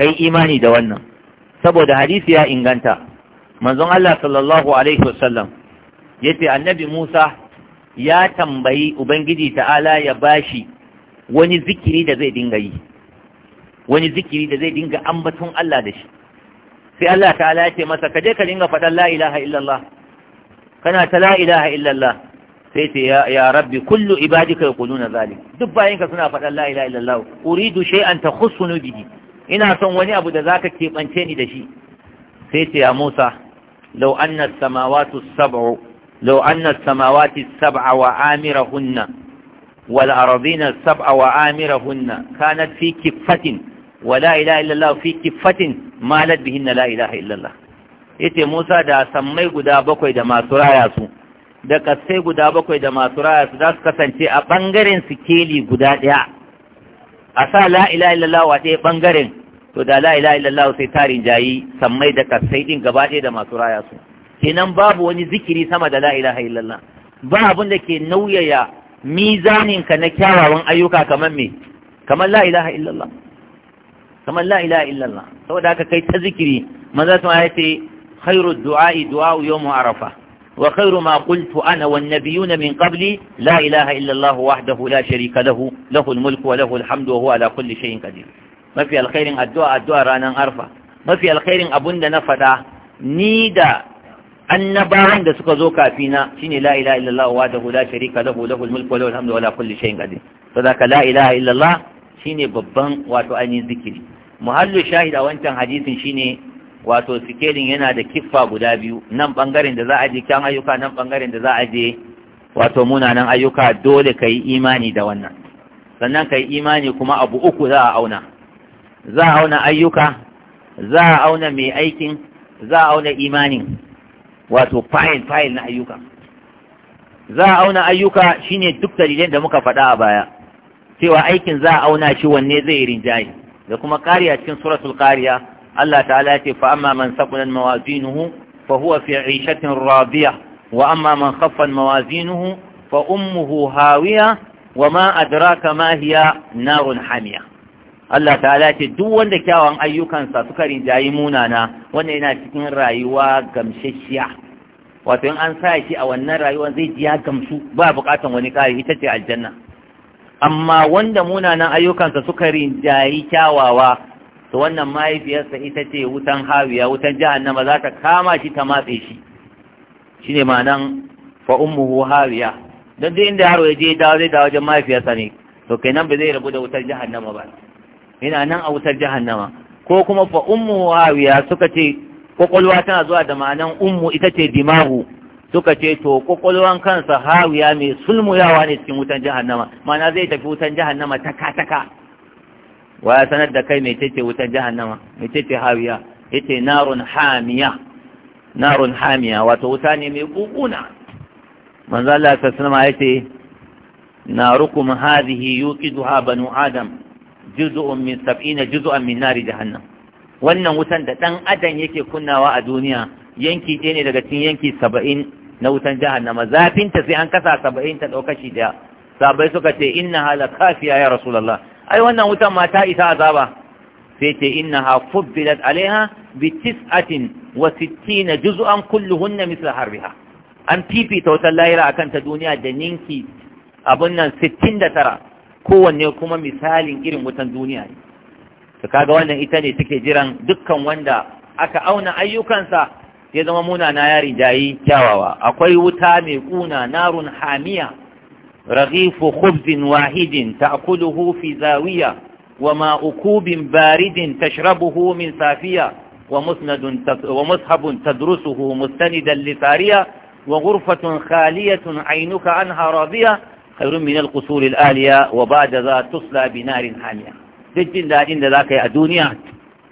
kai imani da wannan saboda hadisi ya inganta manzon Allah sallallahu alaihi wasallam yace annabi Musa ya tambayi ubangiji ta'ala ya bashi wani zikiri da zai dinga yi wani zikiri da zai dinga ambaton Allah da shi sai Allah ta'ala ya ce masa kaje ka dinga faɗan la ilaha illallah kana ta la ilaha illallah sai ce ya rabbi kullu ibadika yaquluna zalik duk bayanka suna faɗan la ilaha illallah uridu shay'an takhussuni bihi ina son wani abu da zaka keɓance ni da shi sai ce ya Musa law anna as-samawati as-sab'u لو أن a السبع وآمرهن والأرضين السبع وآمرهن كانت في كفة ولا إله إلا الله في كفة مالت بهن لا إله إلا الله yace Musa da sammai guda bakwai da masu raya su da kasai guda bakwai da masu raya su za su kasance a ɓangaren sikeli guda ɗaya a sa la ila illallah wa ɗaya ɓangaren to da la illallah sai tarin jayi sammai da kasai ɗin gaba ɗaya da masu raya su kenan babu wani zikiri sama da la ilaha illallah ba abin da ke nauyaya mizaninka na kyawawan ayyuka kamar me kamar la ilaha illallah kamar la ilaha illallah saboda haka kai ta zikiri maza sun ya ce khairu du'a'i du'a'u yawm arafa wa khairu ma qultu ana wan nabiyuna min qabli la ilaha illallah wahdahu la sharika lahu lahu al-mulku wa lahu al-hamdu wa huwa ala kulli shay'in qadir mafi alkhairin addu'a addu'a ranan arfa mafi alkhairin abunda na fada ni da annabawan da suka zo kafina shine la ilaha illallah da la sharika lahu lahul mulku wa lahu alhamdu wa la kulli shay'in qadir zaka la ilaha illallah shine babban wato ainihin zikiri muhallu shahid a wancan hadisin shine wato sikelin yana da kiffa guda biyu nan bangaren da za a je kyan ayyuka nan bangaren da za a je wato munanan ayyuka dole ka yi imani da wannan sannan ka yi imani kuma abu uku za a auna za a auna ayyuka za a auna mai aikin za a auna imanin wato fayil fayil na ayyuka za a auna ayyuka shine duk dalilin da muka faɗa a baya cewa aikin za a auna shi wanne zai rinjaye da kuma kariya cikin suratul kariya Allah ta'ala ya ce fa amma man saqulan mawazinuhu fa huwa fi 'ishatin radiyah wa amma man khaffan mawazinuhu fa ummuhu hawiya wa ma adraka ma hiya narun hamiya Allah ta'ala ce duk wanda kyawawan ayyukansa suka rinjayi munana wanda yana cikin rayuwa gamsasshiya wato in an sa shi a wannan rayuwa zai ji ya gamsu ba buƙatan wani kare ita ce aljanna amma wanda munanan ayyukansa suka rinjayi kyawawa to wannan mahaifiyarsa ita ce wutan hawiya wutan jahannama za ta kama shi ta matse shi shine ma'anan fa ummuhu hawiya don duk inda yaro ya je dawo zai dawo wajen mahaifiyarsa ne to kenan ba zai rabu da wutar jahannama ba ina nan a wutar jahannama ko kuma fa ummu hawiya suka ce kokolwa tana zuwa da ma'anan ummu ita ce dimahu suka ce to kokolwan kansa hawiya mai sulmuyawa ne cikin wutan jahannama ma'ana zai tafi wutan jahannama taka taka wa ya sanar da kai mai ce wutan jahannama mecece hawiya yace narun hamiya narun hamiya wato wuta ne mai kukuna manzo Allah ya ce wasallam yace narukum hadhihi yuqiduha banu adam juz'un min sab'ina juz'an min nari jahannam wannan wutan da dan adam yake kunnawa a duniya yanki ɗaya ne daga cikin yanki saba'in na wutan jahannama zafin ta sai an kasa saba'in ta ɗauka shi ɗaya sabai suka ce inna hala kafiya ya rasulullah ai wannan wutan ma ta isa azaba sai ce inna ha alaiha bi tis'atin wa sittina juz'an kulluhunna misla harbiha an fifita wutan lahira akan ta duniya da ninki abun nan sittin da tara kowanne kuma misalin irin wutan duniya ne to kaga wannan ita ne take jiran dukkan wanda aka auna ayyukansa ya zama munana yari rijayi kyawawa akwai wuta mai kuna narun hamiya raghifu khubzin wahidin ta'kuluhu fi zawiya وما أكوب بارد تشربه wa سافية tadrusuhu ومصحب تدرسه مستندا لسارية وغرفة خالية an عنها راضية khairun min al-qusur al-aliya wa ba'da za tusla bi narin hamiya duk jin daɗin da zaka yi a duniya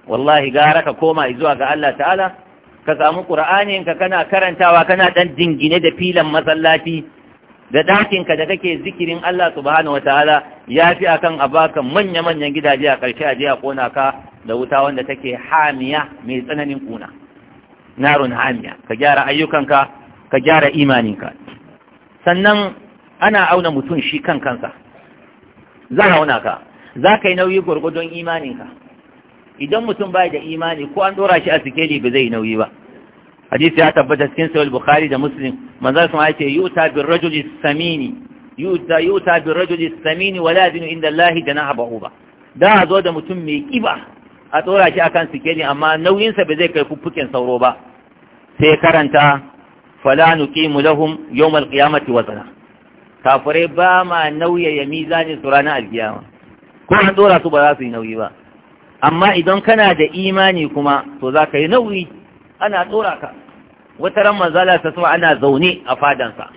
wallahi gara ka koma zuwa ga Allah ta'ala ka samu qur'anin ka kana karantawa kana ɗan dingine da filan masallaci da dakin ka da kake zikirin Allah subhanahu ya fi akan baka manya manyan gidaje a karshe aje a kona ka da wuta wanda take hamiya mai tsananin kuna narun hamiya ka gyara ayyukanka ka gyara imaninka sannan ana auna mutum shi kan kansa za a auna ka za ka yi nauyi gwargwadon imaninka idan mutum bai da imani ko an dora shi a sikeli ba zai nauyi ba hadisi ya tabbata cikin sahih bukhari da muslim manzo sun ce yuta bir rajuli samini yuta yuta bir rajuli samini wala dinu inda Allah janaha ba'uba da a zo da mutum mai kiba a tsora shi akan sikeli amma nauyinsa ba zai kai fuffuken sauro ba sai karanta fala nuqimu lahum yawmal qiyamati kafirai ba ma ya nauyaya mizanin su ranar alkiyama ko an dora su ba za su yi nauyi ba amma idan kana da imani kuma to za ka yi nauyi ana dora ka wata ran manzala ta ana zaune a fadansa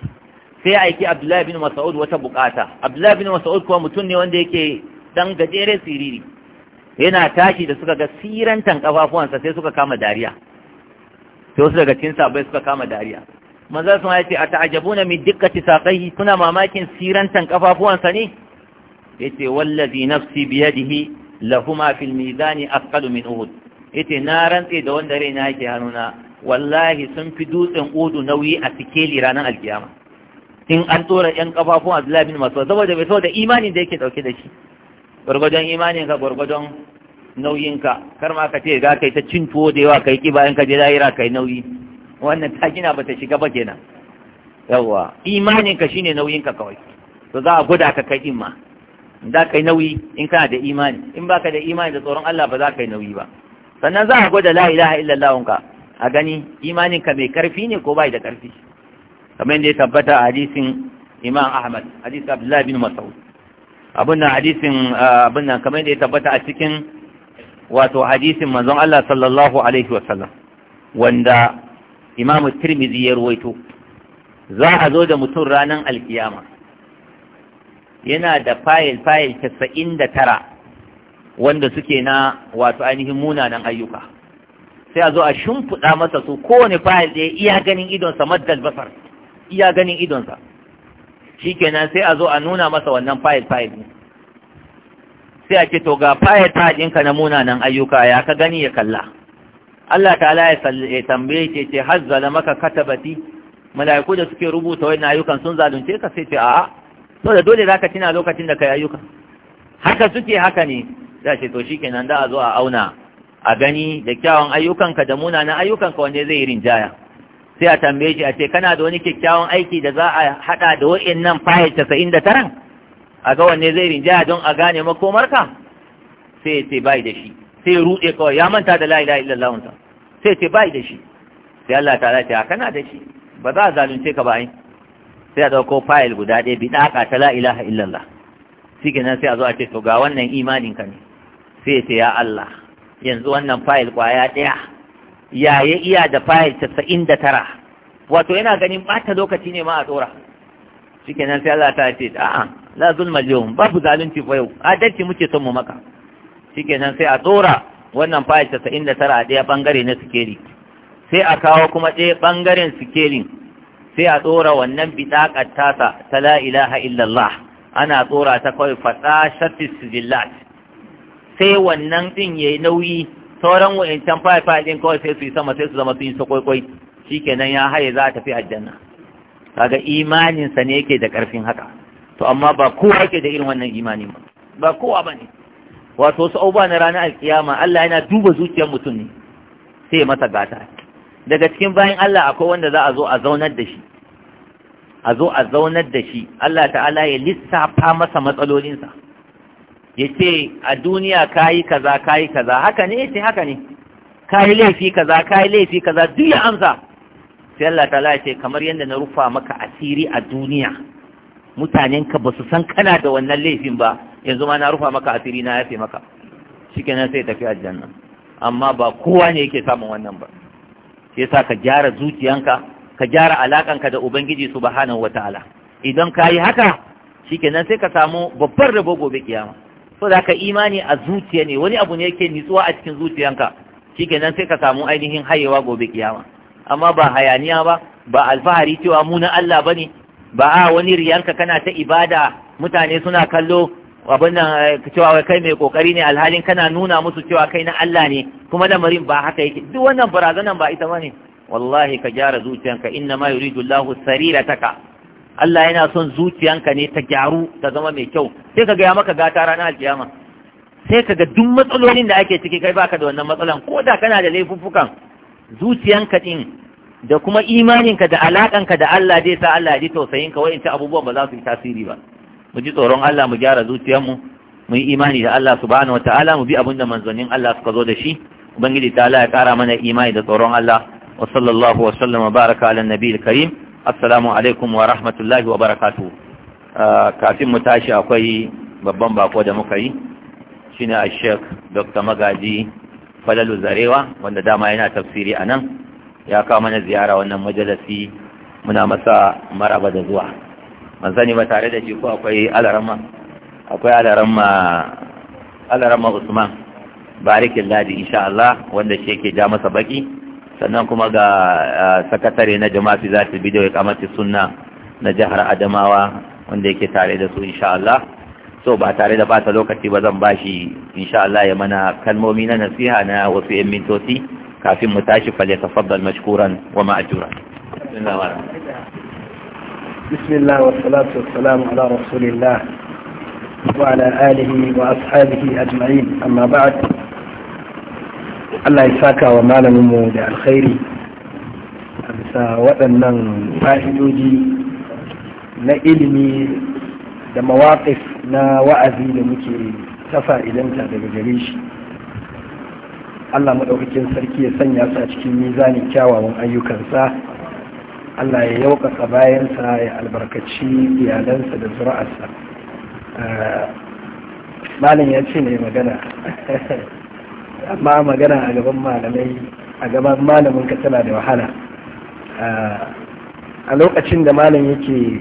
sai aiki abdullahi bin mas'ud wata bukata abdullahi bin mas'ud kuma mutum ne wanda yake dan gajere siriri yana tashi da suka ga sirantan kafafuwansa sai suka kama dariya sai wasu daga cikin sabai suka kama dariya manzo sun yace ta'ajabuna min dikkati saqayhi kuna mamakin sirantan kafafuwansa ne yace wallazi nafsi biyadihi lahuma fil mizani asqalu min uhud yace na rantse da wanda raina yake hannuna wallahi sun fi dutsen udu nauyi a sikeli ranar alkiyama in an tsora yan kafafun Abdullahi bin Mas'ud saboda bai saboda imanin da yake dauke da shi ka imaninka nauyin nauyinka kar ma ka ce ga kai ta cin tuwo da yawa kai kiba in ka je lahira kai nauyi wannan ta gina ta shiga ba kenan Yawwa. imanin ka ne nauyin ka kawai to za a gwada ka kai imma da yi nauyi in kana da imani in baka da imani da tsoron Allah ba za ka yi nauyi ba sannan za a gwada la ilaha illallah ka a gani imanin ka mai karfi ne ko bai da karfi kamar yadda ya tabbata a hadisin Imam Ahmad hadisin Abdullahi bin masau abin nan hadisin ah, abin nan kamar yadda ya tabbata a cikin wato hadisin manzon Allah sallallahu alaihi wasallam wanda Imam tirmizi ya ruwaito za a zo da mutum ranar alkiyama yana da fayil-fayil casa'in da tara wanda suke na wato ainihin munanan ayyuka sai a zo a shimfiɗa masa su kowane fayil ɗaya iya ganin idonsa maddal basar iya ganin idonsa shikenan sai a zo a nuna masa wannan fayil-fayil ne sai a ce to ga fayil-fayil ɗinka na munanan ayyuka ya ka gani ya kalla Allah ta'ala ya tambaye ke ce har maka katabati mala'iku da suke rubuta wani ayyukan sun zalunce ka sai ce a'a so da dole zaka cina lokacin da kai ayyuka haka suke haka ne za ce to shikenan da a zo a auna a gani da kyawun ka da munanan ka wanda zai rinjaya sai a tambaye shi a ce kana da wani kyakkyawan aiki da za a hada da wa'annan fayil 99 a ga wanne zai rinjaya don a gane makomarka sai ya ce bai da shi sai ya rude kawai ya manta da la'ila ilaha illallah ta sai ce bai da shi sai Allah ta'ala ce kana da shi ba za a zalunce ka ba ai sai a dauko fayil guda ɗaya bi aka ta la ilaha illallah nan sai a zo a ce to ga wannan imanin ka ne sai ce ya Allah yanzu wannan fayil kwaya ɗaya ya yi iya da fayil casa'in da tara wato yana ganin ɓata lokaci ne ma a tsora nan sai Allah ta ce a'a la zulma yau babu zalunci fa yau adalci muke son mu maka nan sai a tsora wannan fayil casa'in da tara a ɗaya ɓangare na sikeli sai a kawo kuma ɗaya ɓangaren sikelin sai a tsora wannan bidaƙar tasa ta la ilaha illallah ana tsora ta kawai faɗa shatis sijillat sai wannan ɗin ya yi nauyi sauran wa'incan fayil ɗin kawai sai su yi sama sai su zama sun yi sakwaikwai shikenan ya haye za a tafi aljanna kaga imaninsa ne yake da ƙarfin haka to amma ba kowa yake da irin wannan imanin ba ba kowa ba ne wato su auba na ranar alkiyama Allah yana duba zuciyar mutum ne sai masa gata daga cikin bayan Allah akwai wanda za a zo a zaunar da shi a zo a zaunar da shi Allah ta'ala ya lissafa masa matsalolinsa ya ce a duniya yi kaza yi kaza haka ne sai haka ne yi laifi kaza kayi laifi kaza duk ya amsa sai Allah ta'ala ya ce kamar yadda na rufa maka asiri a duniya mutanenka ba su san kana da wannan laifin ba yanzu ma na rufa maka asiri na yafe maka shikenan sai tafi aljanna amma ba kowa ne yake samun wannan ba sai sa ka gyara zuciyanka ka gyara alakanka da ubangiji subhanahu wataala idan ka yi haka shikenan sai ka samu babbar rabo gobe kiyama so da ka imani a zuciya ne wani abu ne yake nitsuwa a cikin zuciyanka shikenan sai ka samu ainihin hayewa gobe kiyama amma ba hayaniya ba ba alfahari cewa mu na Allah bane ba a wani riyanka kana ta ibada mutane suna kallo abin nan eh, cewa kai mai kokari ne alhalin kana nuna musu cewa kai na Allah ne kuma lamarin ba haka yake duk wannan barazanan ba ita bane wallahi ka gyara zuciyanka inna ma yuridu Allahu sarirataka Allah yana son zuciyanka ne ta gyaru ta zama mai kyau sai ka gaya maka gata ranar alkiyama sai ka ga duk matsalolin da ake ciki kai baka da wannan matsalan ko da kana da laifuffukan zuciyanka din da kuma imaninka da alakanka da Allah zai sa Allah ya ji tausayin ka ta abubuwan ba za su yi tasiri ba mu ji tsoron Allah mu gyara zuciyarmu mu yi imani da Allah subhanahu wataala mu bi abin da manzonin Allah suka zo da shi ubangiji ta Allah ya kara mana imani da tsoron Allah wa sallallahu wa sallam wa baraka ala karim assalamu alaikum wa rahmatullahi wa barakatu. Ah, kafin mu tashi akwai babban bako da muka yi shine a Sheikh Dr. Magaji Falalu Zarewa wanda dama yana tafsiri a nan ya kawo mana ziyara wannan majalisi muna masa maraba da zuwa Man sani ba tare da shi ko akwai alarama akwai alarama alarama usman barikin ladi insha Allah wanda shi yake ja masa baki sannan kuma ga sakatare na jama'a za su bidiyo ya sunna na jihar adamawa wanda yake tare da su insha Allah so ba tare da bata lokaci ba zan bashi insha Allah ya mana kalmomi na nasiha na wasu 'yan mintoci kafin mu tashi falyatafaddal mashkuran wa ma'juran بسم الله والصلاة ala على wa الله وعلى آله وأصحابه أجمعين amma بعد Allah ya saka wa malaminmu da alkhairi a bisa waɗannan fa'idoji na ilimi da mawaƙif na wa'azi da muke ta fa'idanta daga gare shi Allah maɗaukakin sarki ya sanya su a cikin mizanin kyawawan ayyukansa Allah ya yaukaka bayansa ya albarkaci iyalansa da zura'arsa eh, malin ya ce ne magana <laughs> amma magana a gaban malamai a gaban malamin ka tana da wahala eh, a lokacin da malam yake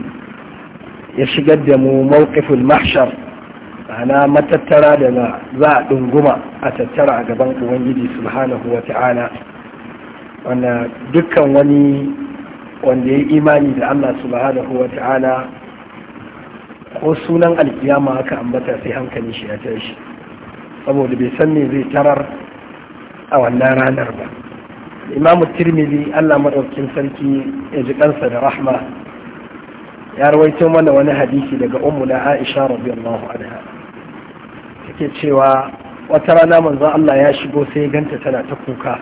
ya shigar da mu mawqiful mahshar ana matattara da za a ɗunguma a tattara a gaban ubangiji subhanahu wa ta'ala wanda dukkan wani wanda ya yi imani da allah subhanahu wa ta'ala ko sunan alkiyama haka ambata sai hankali shi ya tashi saboda bai san me zai tarar a wannan ranar ba imamu tirmidhi allah maɗaukin sarki ya ji kansa da rahma ya rawaito mana wani hadisi daga ummu na aisha radiyallahu anha take cewa wata rana manzon Allah ya shigo sai ganta tana ta kuka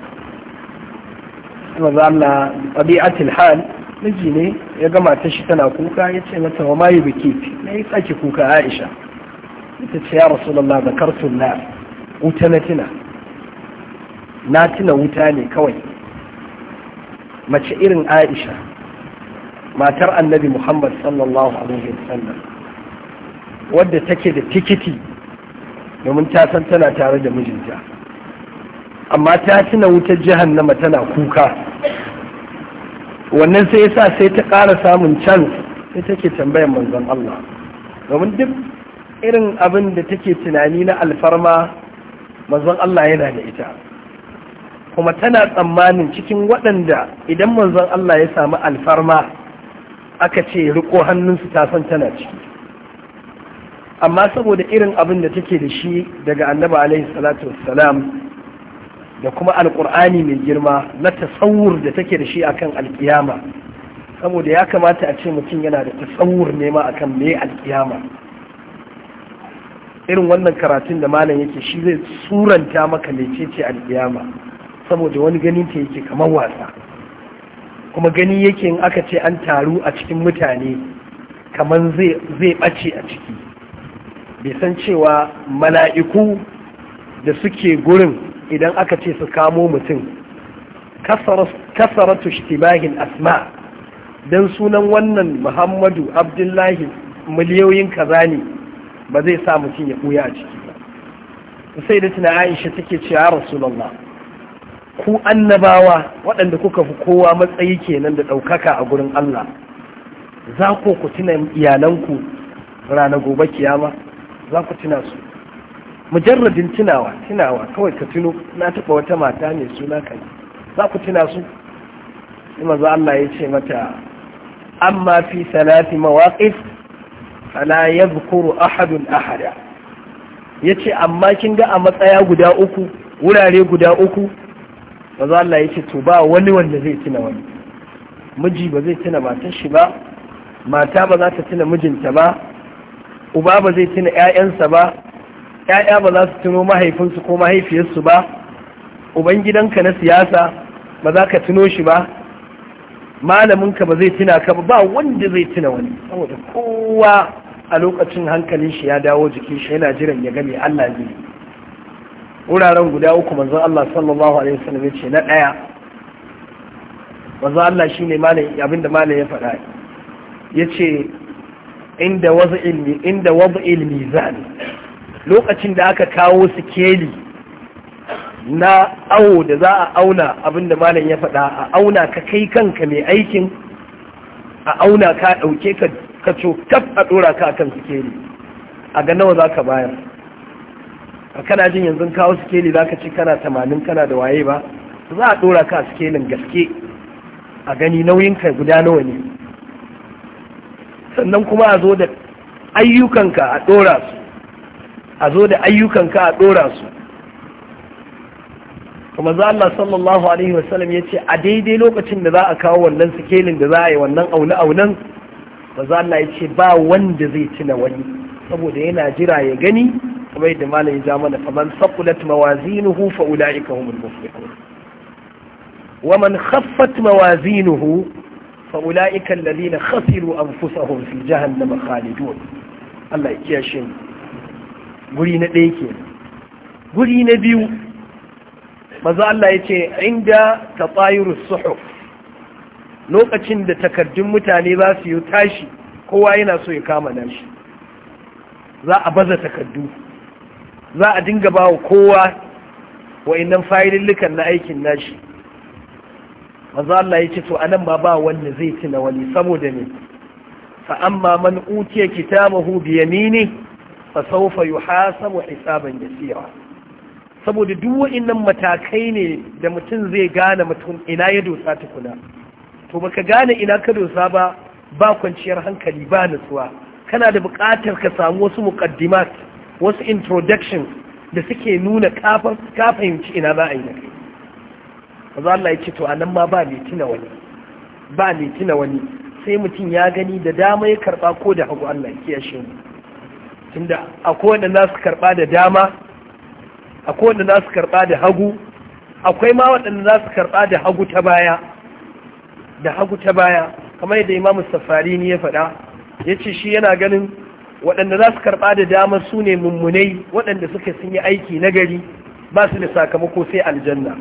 manzon Allah tabi'atul hal miji ne ya gama ta shi tana kuka ya ce mata wa mayu biki na yi sake kuka Aisha ita ce ya Rasulullah zakartun na wuta na tuna na tuna wuta ne kawai mace irin Aisha matar annabi Muhammad sallallahu alaihi wasallam wadda take da tikiti domin ta san tana tare da mijinta amma ta tuna wutar na tana kuka wannan sai yasa sai ta ƙara samun can sai take tambayar manzon Allah domin duk irin abin da take tunani na alfarma manzon Allah yana da ita kuma tana tsammanin cikin waɗanda idan manzon Allah ya samu alfarma aka ce riko hannunsu ta san tana ciki amma saboda irin abin da take da shi daga annabi alaihi salatu wassalam da kuma alkur'ani mai girma na tasawur da take da shi akan alkiyama saboda ya kamata a ce mutum yana da tasawur nema akan me alkiyama irin wannan karatun da malam yake shi zai suranta maka mecece alkiyama saboda wani ganin ta yake kamar wasa kuma gani yake in aka ce an taru a cikin mutane kaman zai ɓace a ciki bai san cewa mala'iku da suke gurin idan aka ce su kamo mutum kasaratu shtibahin asma don sunan wannan muhammadu abdullahi miliyoyin kaza ne ba zai sa mutum ya ɓuya a ciki ba sai da tuna aisha take ce ya rasulallah ku annabawa waɗanda kuka fi kowa matsayi kenan da ɗaukaka a gurin allah za ku ku tuna iyalanku rana gobe kiyama za ku tuna su mujarradin tunawa tunawa kawai ka tuno na taɓa wata mata ne suna kai za ku tuna su kuma za Allah ya ce mata amma fi salati mawaqif fala yadhkuru ahadun ahada yace amma kin ga a matsaya guda uku wurare guda uku za Allah yace to ba wani wanda zai tuna wani miji ba zai tuna matar shi ba mata ba za ta tuna mijinta ba uba ba zai tuna 'ya'yansa ba ‘ya'ya ba za su tuno mahaifinsu ko mahaifiyarsu ba uban gidanka na siyasa ba za ka tuno shi ba malaminka ba zai tuna ka ba ba wanda zai tuna wani saboda kowa a lokacin hankalin shi ya dawo jikin shi yana jiran ya game Allah ne wuraren guda uku manzon Allah sallallahu alaihi wasallam ya ce na ɗaya manzon Allah shine malam abinda malam ya faɗa ya ce inda wad'il inda ilmi mizan lokacin da aka kawo sikeli na awo da za a auna abinda malam ya faɗa a auna ka kai kanka mai aikin a auna ka ɗauke ka ka cokaf a ɗora ka su sikeli a ga nawa za ka bayar a kana jin yanzu kawo sikeli za ka ci kana tamanin kana da waye ba za a ɗora ka a sikelin gaske a gani nauyinka guda nawa ne sannan kuma a zo da ayyukanka a ɗora su a zo da ayyukanka a ɗora su kuma za Allah sallallahu alaihi wasallam ya ce a daidai lokacin da za a kawo wannan sikelin da za a yi wannan aune-aunen ba za Allah ya ce ba wanda zai tuna wani saboda yana jira ya gani kuma yadda malam ya ja mana faman saqulat mawazinuhu fa ulaika humul muflihun wa man khaffat mawazinuhu fa ula'ikan ladina khasiru anfusahum fi jahannam khalidun Allah ya kiyashe mu guri na ɗaya ke guri na biyu maza Allah ya ce inda ta tsayiru suhuf lokacin da takardun mutane za su yi tashi kowa yana so ya kama nashi za a baza takardu za a dinga ba wa kowa wa'innan fayilillukan na aikin nashi manzo Allah ya ce to anan ba ba wanda zai tuna wani saboda ne fa amma man utiya kitabahu bi yamini fa sawfa yuhasabu hisaban yasira saboda duk wa'annan matakai ne da mutum zai gane mutum ina ya dosa tukuna to baka gane ina ka dosa ba ba kwanciyar hankali ba nutsuwa kana da buƙatar ka samu wasu muqaddimat wasu introductions da suke nuna ka fahimci ina za a yi manzo Allah ya ce to anan ma ba mai tuna wani ba mai tuna wani sai mutum ya gani da dama ya karba ko da hagu Allah ya kiyashe shi tunda akwai wanda za su karba da dama akwai wanda za su karba da hagu akwai ma waɗanda za su karba da hagu ta baya da hagu ta baya kamar yadda imamu safari ne ya faɗa ya ce shi yana ganin waɗanda za su karɓa da dama su ne mummunai waɗanda suka sun yi aiki nagari ba su da sakamako sai aljanna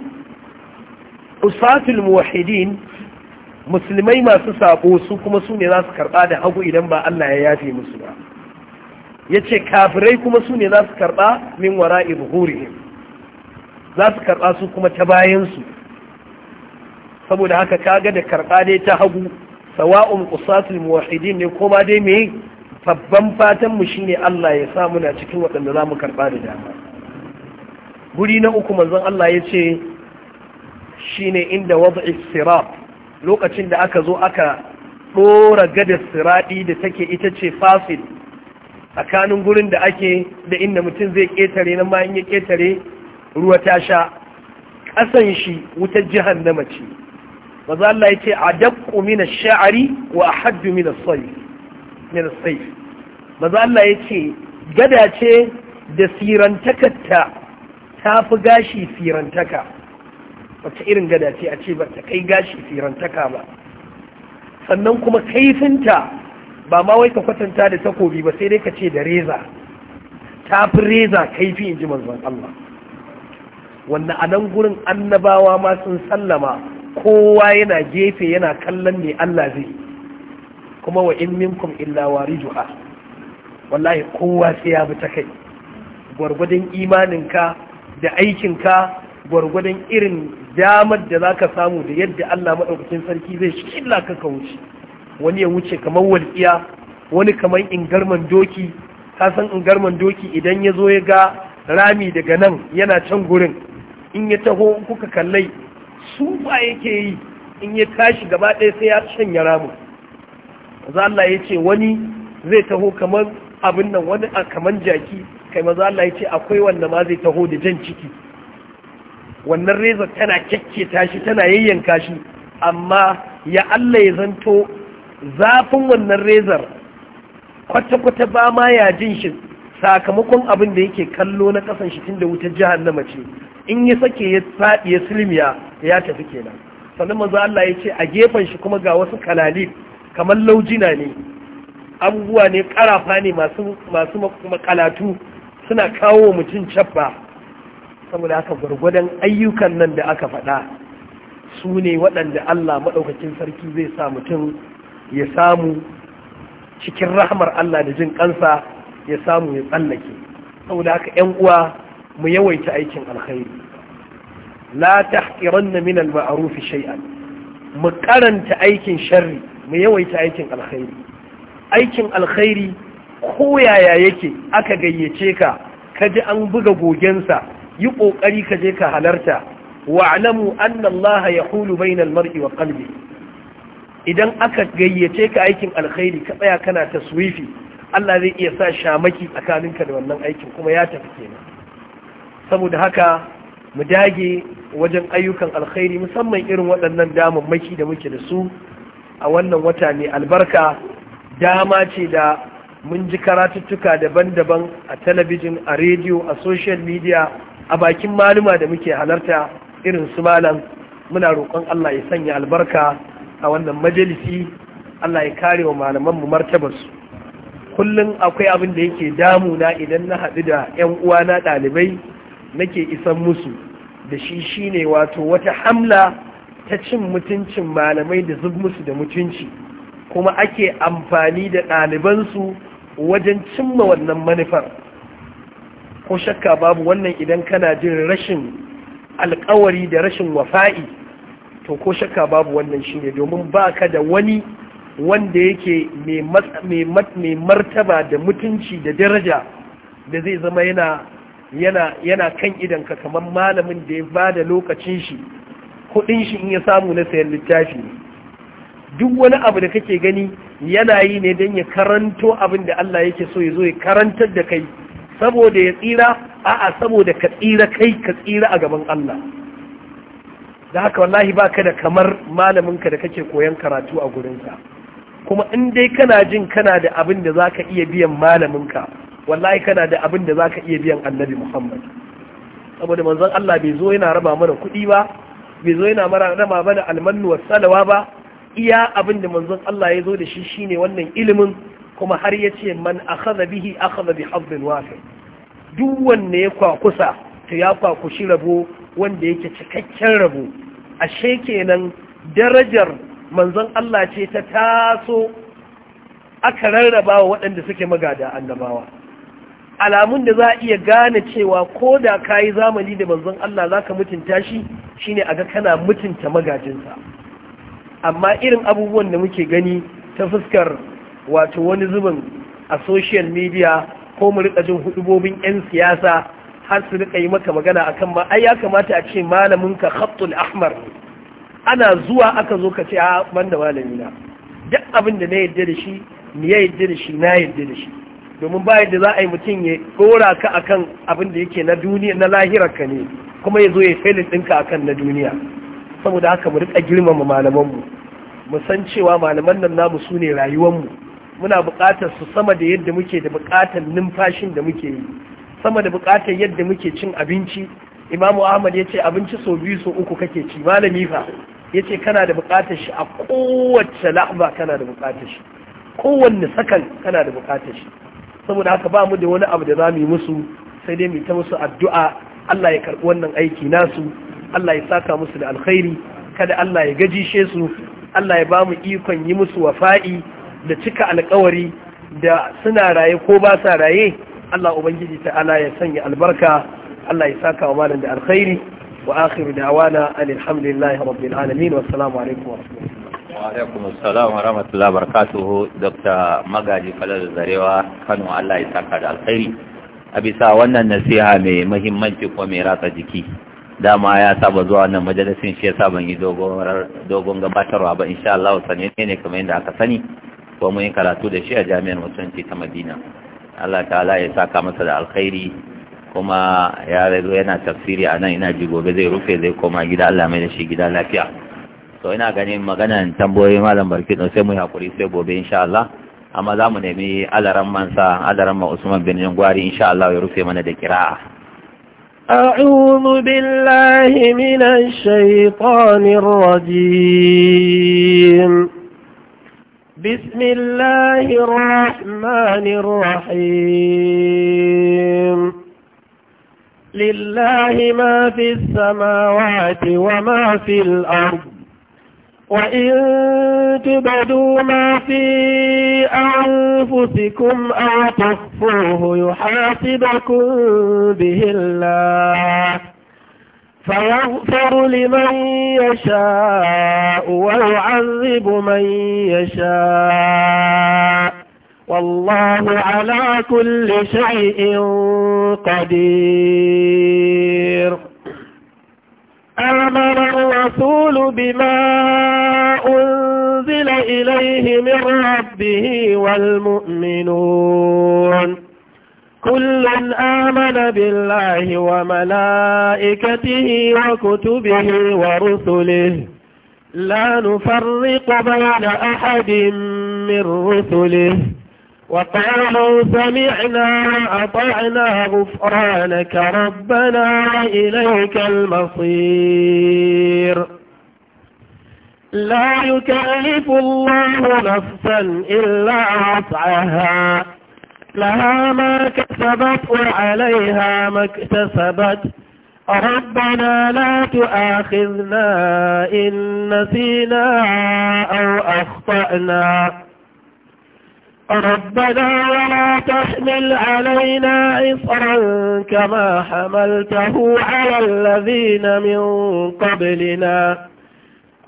usatul muwahidin musulmai masu sabo su kuma su ne za su karɓa da hagu idan ba Allah ya yafe musu ba ya ce kafirai kuma su ne za su karɓa min wara ibhurihim za su karɓa su kuma ta bayansu saboda haka kaga da karɓa dai ta hagu sawa'un usatul muwahidin ne koma dai me babban fatan mu shine Allah ya samu na cikin waɗanda za mu karɓa da dama guri na uku manzon Allah ya ce shine inda wad'i sirat lokacin da aka zo aka dora gadar siradi da take ita ce fasil tsakanin gurin da ake da inda mutum zai ketare na ma in ya ketare ruwa ta sha ƙasan shi wuta jahannama na maza Allah ya ce a daƙo mina sha'ari wa a haddu mina saif maza Allah ya ce gada ce da sirantakarta ta fi gashi sirantaka wata irin gada ce a ce ba ta kai gashi firantaka ba sannan kuma kaifinta ba ma wai ka kwatanta da takobi ba sai dai ka ce da reza ta fi reza kaifi in ji manzon Allah wanda a nan gurin annabawa ma sun sallama kowa yana gefe yana kallon ne Allah zai kuma wa in minkum illa wariduha wallahi kowa sai ya bi ta kai gwargwadon imaninka da aikinka gwargwadon irin damar da za ka samu da yadda Allah maɗaukakin sarki zai shilla ka ka wuce wani ya wuce kamar walƙiya wani kamar garman doki ka san ingarman doki idan ya zo ya ga rami daga nan yana can gurin in ya taho kuka kallai su ba yake yi in ya tashi gaba ɗaya sai ya shanya ramu za Allah ya ce wani zai taho kamar abin nan wani a kamar jaki kai maza Allah ya ce akwai wanda ma zai taho da jan ciki wannan reza tana kyakketa shi tana yayyanka shi amma ya Allah ya zanto zafin wannan rezar kwata-kwata ba ma ya jin shi sakamakon abin da yake kallo na kasan shi tun da wutar jihar na mace in ya sake ya faɗi ya silmiya ya tafi kenan sannan manzo Allah ya ce a gefen shi kuma ga wasu kalalib kamar laujina ne abubuwa ne karafa ne masu masu makalatu suna kawo mutum cabba saboda aka gwargwadon ayyukan nan da aka faɗa su ne waɗanda Allah maɗaukacin sarki zai sa mutum ya samu cikin rahmar Allah da jin ƙansa ya samu ya tsallake saboda haka ‘yan uwa mu yawaita aikin alkhairi la tahqiranna min al rufi shay'an mu karanta aikin sharri mu yawaita aikin alkhairi aikin alkhairi ko yaya yake aka gayyace ka kaji an buga gogensa yi ƙoƙari ka je ka halarta wa'lamu anna Allah ya bainal mar'i wa kalbi. idan aka gayyace ka aikin alkhairi ka tsaya kana ta taswifi Allah zai iya sa shamaki tsakaninka da wannan aikin kuma ya tafi kenan saboda haka mu dage wajen ayyukan alkhairi musamman irin waɗannan damammaki da muke da su a wannan wata ne albarka dama ce da mun ji karatuttuka daban-daban a talabijin a rediyo a social media a bakin maluma da muke halarta irin su malam muna roƙon Allah ya sanya albarka a wannan majalisi Allah ya kare wa malaman mu martabarsu kullum akwai abin da yake damuna idan na haɗu da 'yan uwana ɗalibai nake isan musu da shi shine wato wata hamla ta cin mutuncin malamai da zub musu da mutunci kuma ake amfani da ɗalibansu wajen cimma wannan manufar ko shakka babu wannan idan kana jin rashin alkawari da rashin wafa'i to ko shakka babu wannan shi ne domin ba ka da wani wanda yake mai martaba da mutunci da daraja da zai zama yana yana yana kan ka kamar malamin da ya ba da lokacin shi kudin shi in ya samu na sayan littafi duk wani abu da kake gani yana yi ne don ya karanto abin da Allah yake so ya zo ya karantar da kai saboda ya tsira a'a saboda ka tsira kai ka tsira a gaban Allah da haka wallahi baka da kamar malaminka da kake koyan karatu a gurinsa kuma in dai kana jin kana da abin da zaka iya biyan malaminka wallahi kana da abin da zaka iya biyan annabi Muhammad saboda manzon Allah bai zo yana raba mana kuɗi ba bai zo yana mara raba mana almannu was salawa ba iya abin da manzon Allah ya zo da shi shine wannan ilimin kuma har ya ce man akhadha bihi akhadha bi hadd wafi duk wanne ya kwakusa to ya kwakushi rabo wanda yake cikakken rabo ashe kenan darajar manzon Allah ce ta taso aka rarraba wa waɗanda suke magada annabawa alamun da za a iya gane cewa ko da ka yi zamani da manzon Allah za ka mutunta shi shine a ga kana mutunta magajinsa amma irin abubuwan da muke gani ta fuskar wato wani zubin a social media ko mu rika jin hudubobin yan siyasa har su rika yi maka magana akan ma ai ya kamata a ce malamin ka khattul ahmar ana zuwa aka zo ka ce a ah, banda malami na duk abin da na yadda da shi ni ya yadda da shi na yadda da shi domin ba yadda za a yi mutum ya dora ka akan abin da yake na duniya na lahirar ka ne kuma ya zo ya failin ɗinka akan na duniya saboda haka mu rika girmama malamanmu mu san cewa malaman nan namu su ne rayuwanmu muna buƙatar su sama da yadda muke da buƙatar numfashin da muke yi sama da buƙatar yadda muke cin abinci imamu ahmad ya ce abinci sau biyu sau uku kake ci malami fa ya ce kana da buƙatar shi a kowace la'aba kana da buƙatar shi kowanne sakan kana da buƙatar shi saboda haka ba mu da wani abu da za mu yi musu sai dai mu ta musu addu'a Allah ya karɓi wannan aiki nasu Allah ya saka musu da alkhairi kada Allah ya gajishe su Allah ya ba mu ikon yi musu wafa'i da cika alkawari da suna raye ko ba sa raye Allah ubangiji ta'ala ya sanya albarka Allah ya saka wa malam da alkhairi wa akhiru da'wana alhamdulillahi rabbil alamin wa assalamu alaikum wa rahmatullahi wa alaikum assalam wa rahmatullahi wa barakatuh dr magaji falal zarewa Kano Allah ya saka da alkhairi a bisa wannan nasiha mai muhimmanci ko mai ratsa jiki dama ya saba zuwa wannan majalisin shi ya ban yi dogon gabatarwa ba insha Allah ne kamar yadda aka sani ko mun karatu da shi a jami'ar musulunci ta madina Allah ta'ala ya saka masa da alkhairi kuma ya zo yana tafsiri a nan ina ji gobe zai rufe zai koma gida Allah mai da shi gida lafiya To ina ganin maganan tambayoyi malam barkin sai mu yi hakuri sai gobe insha Allah amma za mu nemi alaran mansa alaran ma Usman bin Gwari insha Allah ya rufe mana da kira'a أعوذ بالله من الشيطان الرجيم بسم الله الرحمن الرحيم لله ما في السماوات وما في الأرض وإن تبدوا ما في أنفسكم أو تخفوه يحاسبكم به الله فيغفر لمن يشاء ويعذب من يشاء والله على كل شيء قدير آمن الرسول بما أنزل إليه من ربه والمؤمنون كل آمن بالله وملائكته وكتبه ورسله لا نفرق بين أحد من رسله وقالوا سمعنا وأطعنا غفرانك ربنا إليك المصير لا يكلف الله نفسا إلا وسعها لها ما كسبت وعليها ما اكتسبت ربنا لا تؤاخذنا إن نسينا أو أخطأنا ربنا ولا تحمل علينا إصرا كما حملته على الذين من قبلنا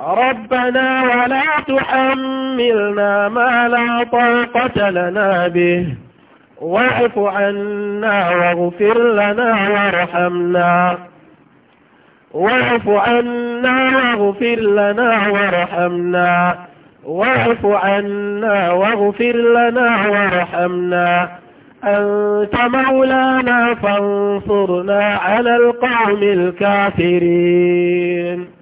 ربنا ولا تحملنا ما لا طاقة لنا به واعف عنا واغفر لنا وارحمنا واعف عنا واغفر لنا وارحمنا واعف عنا واغفر لنا وارحمنا أنت مولانا فانصرنا على القوم الكافرين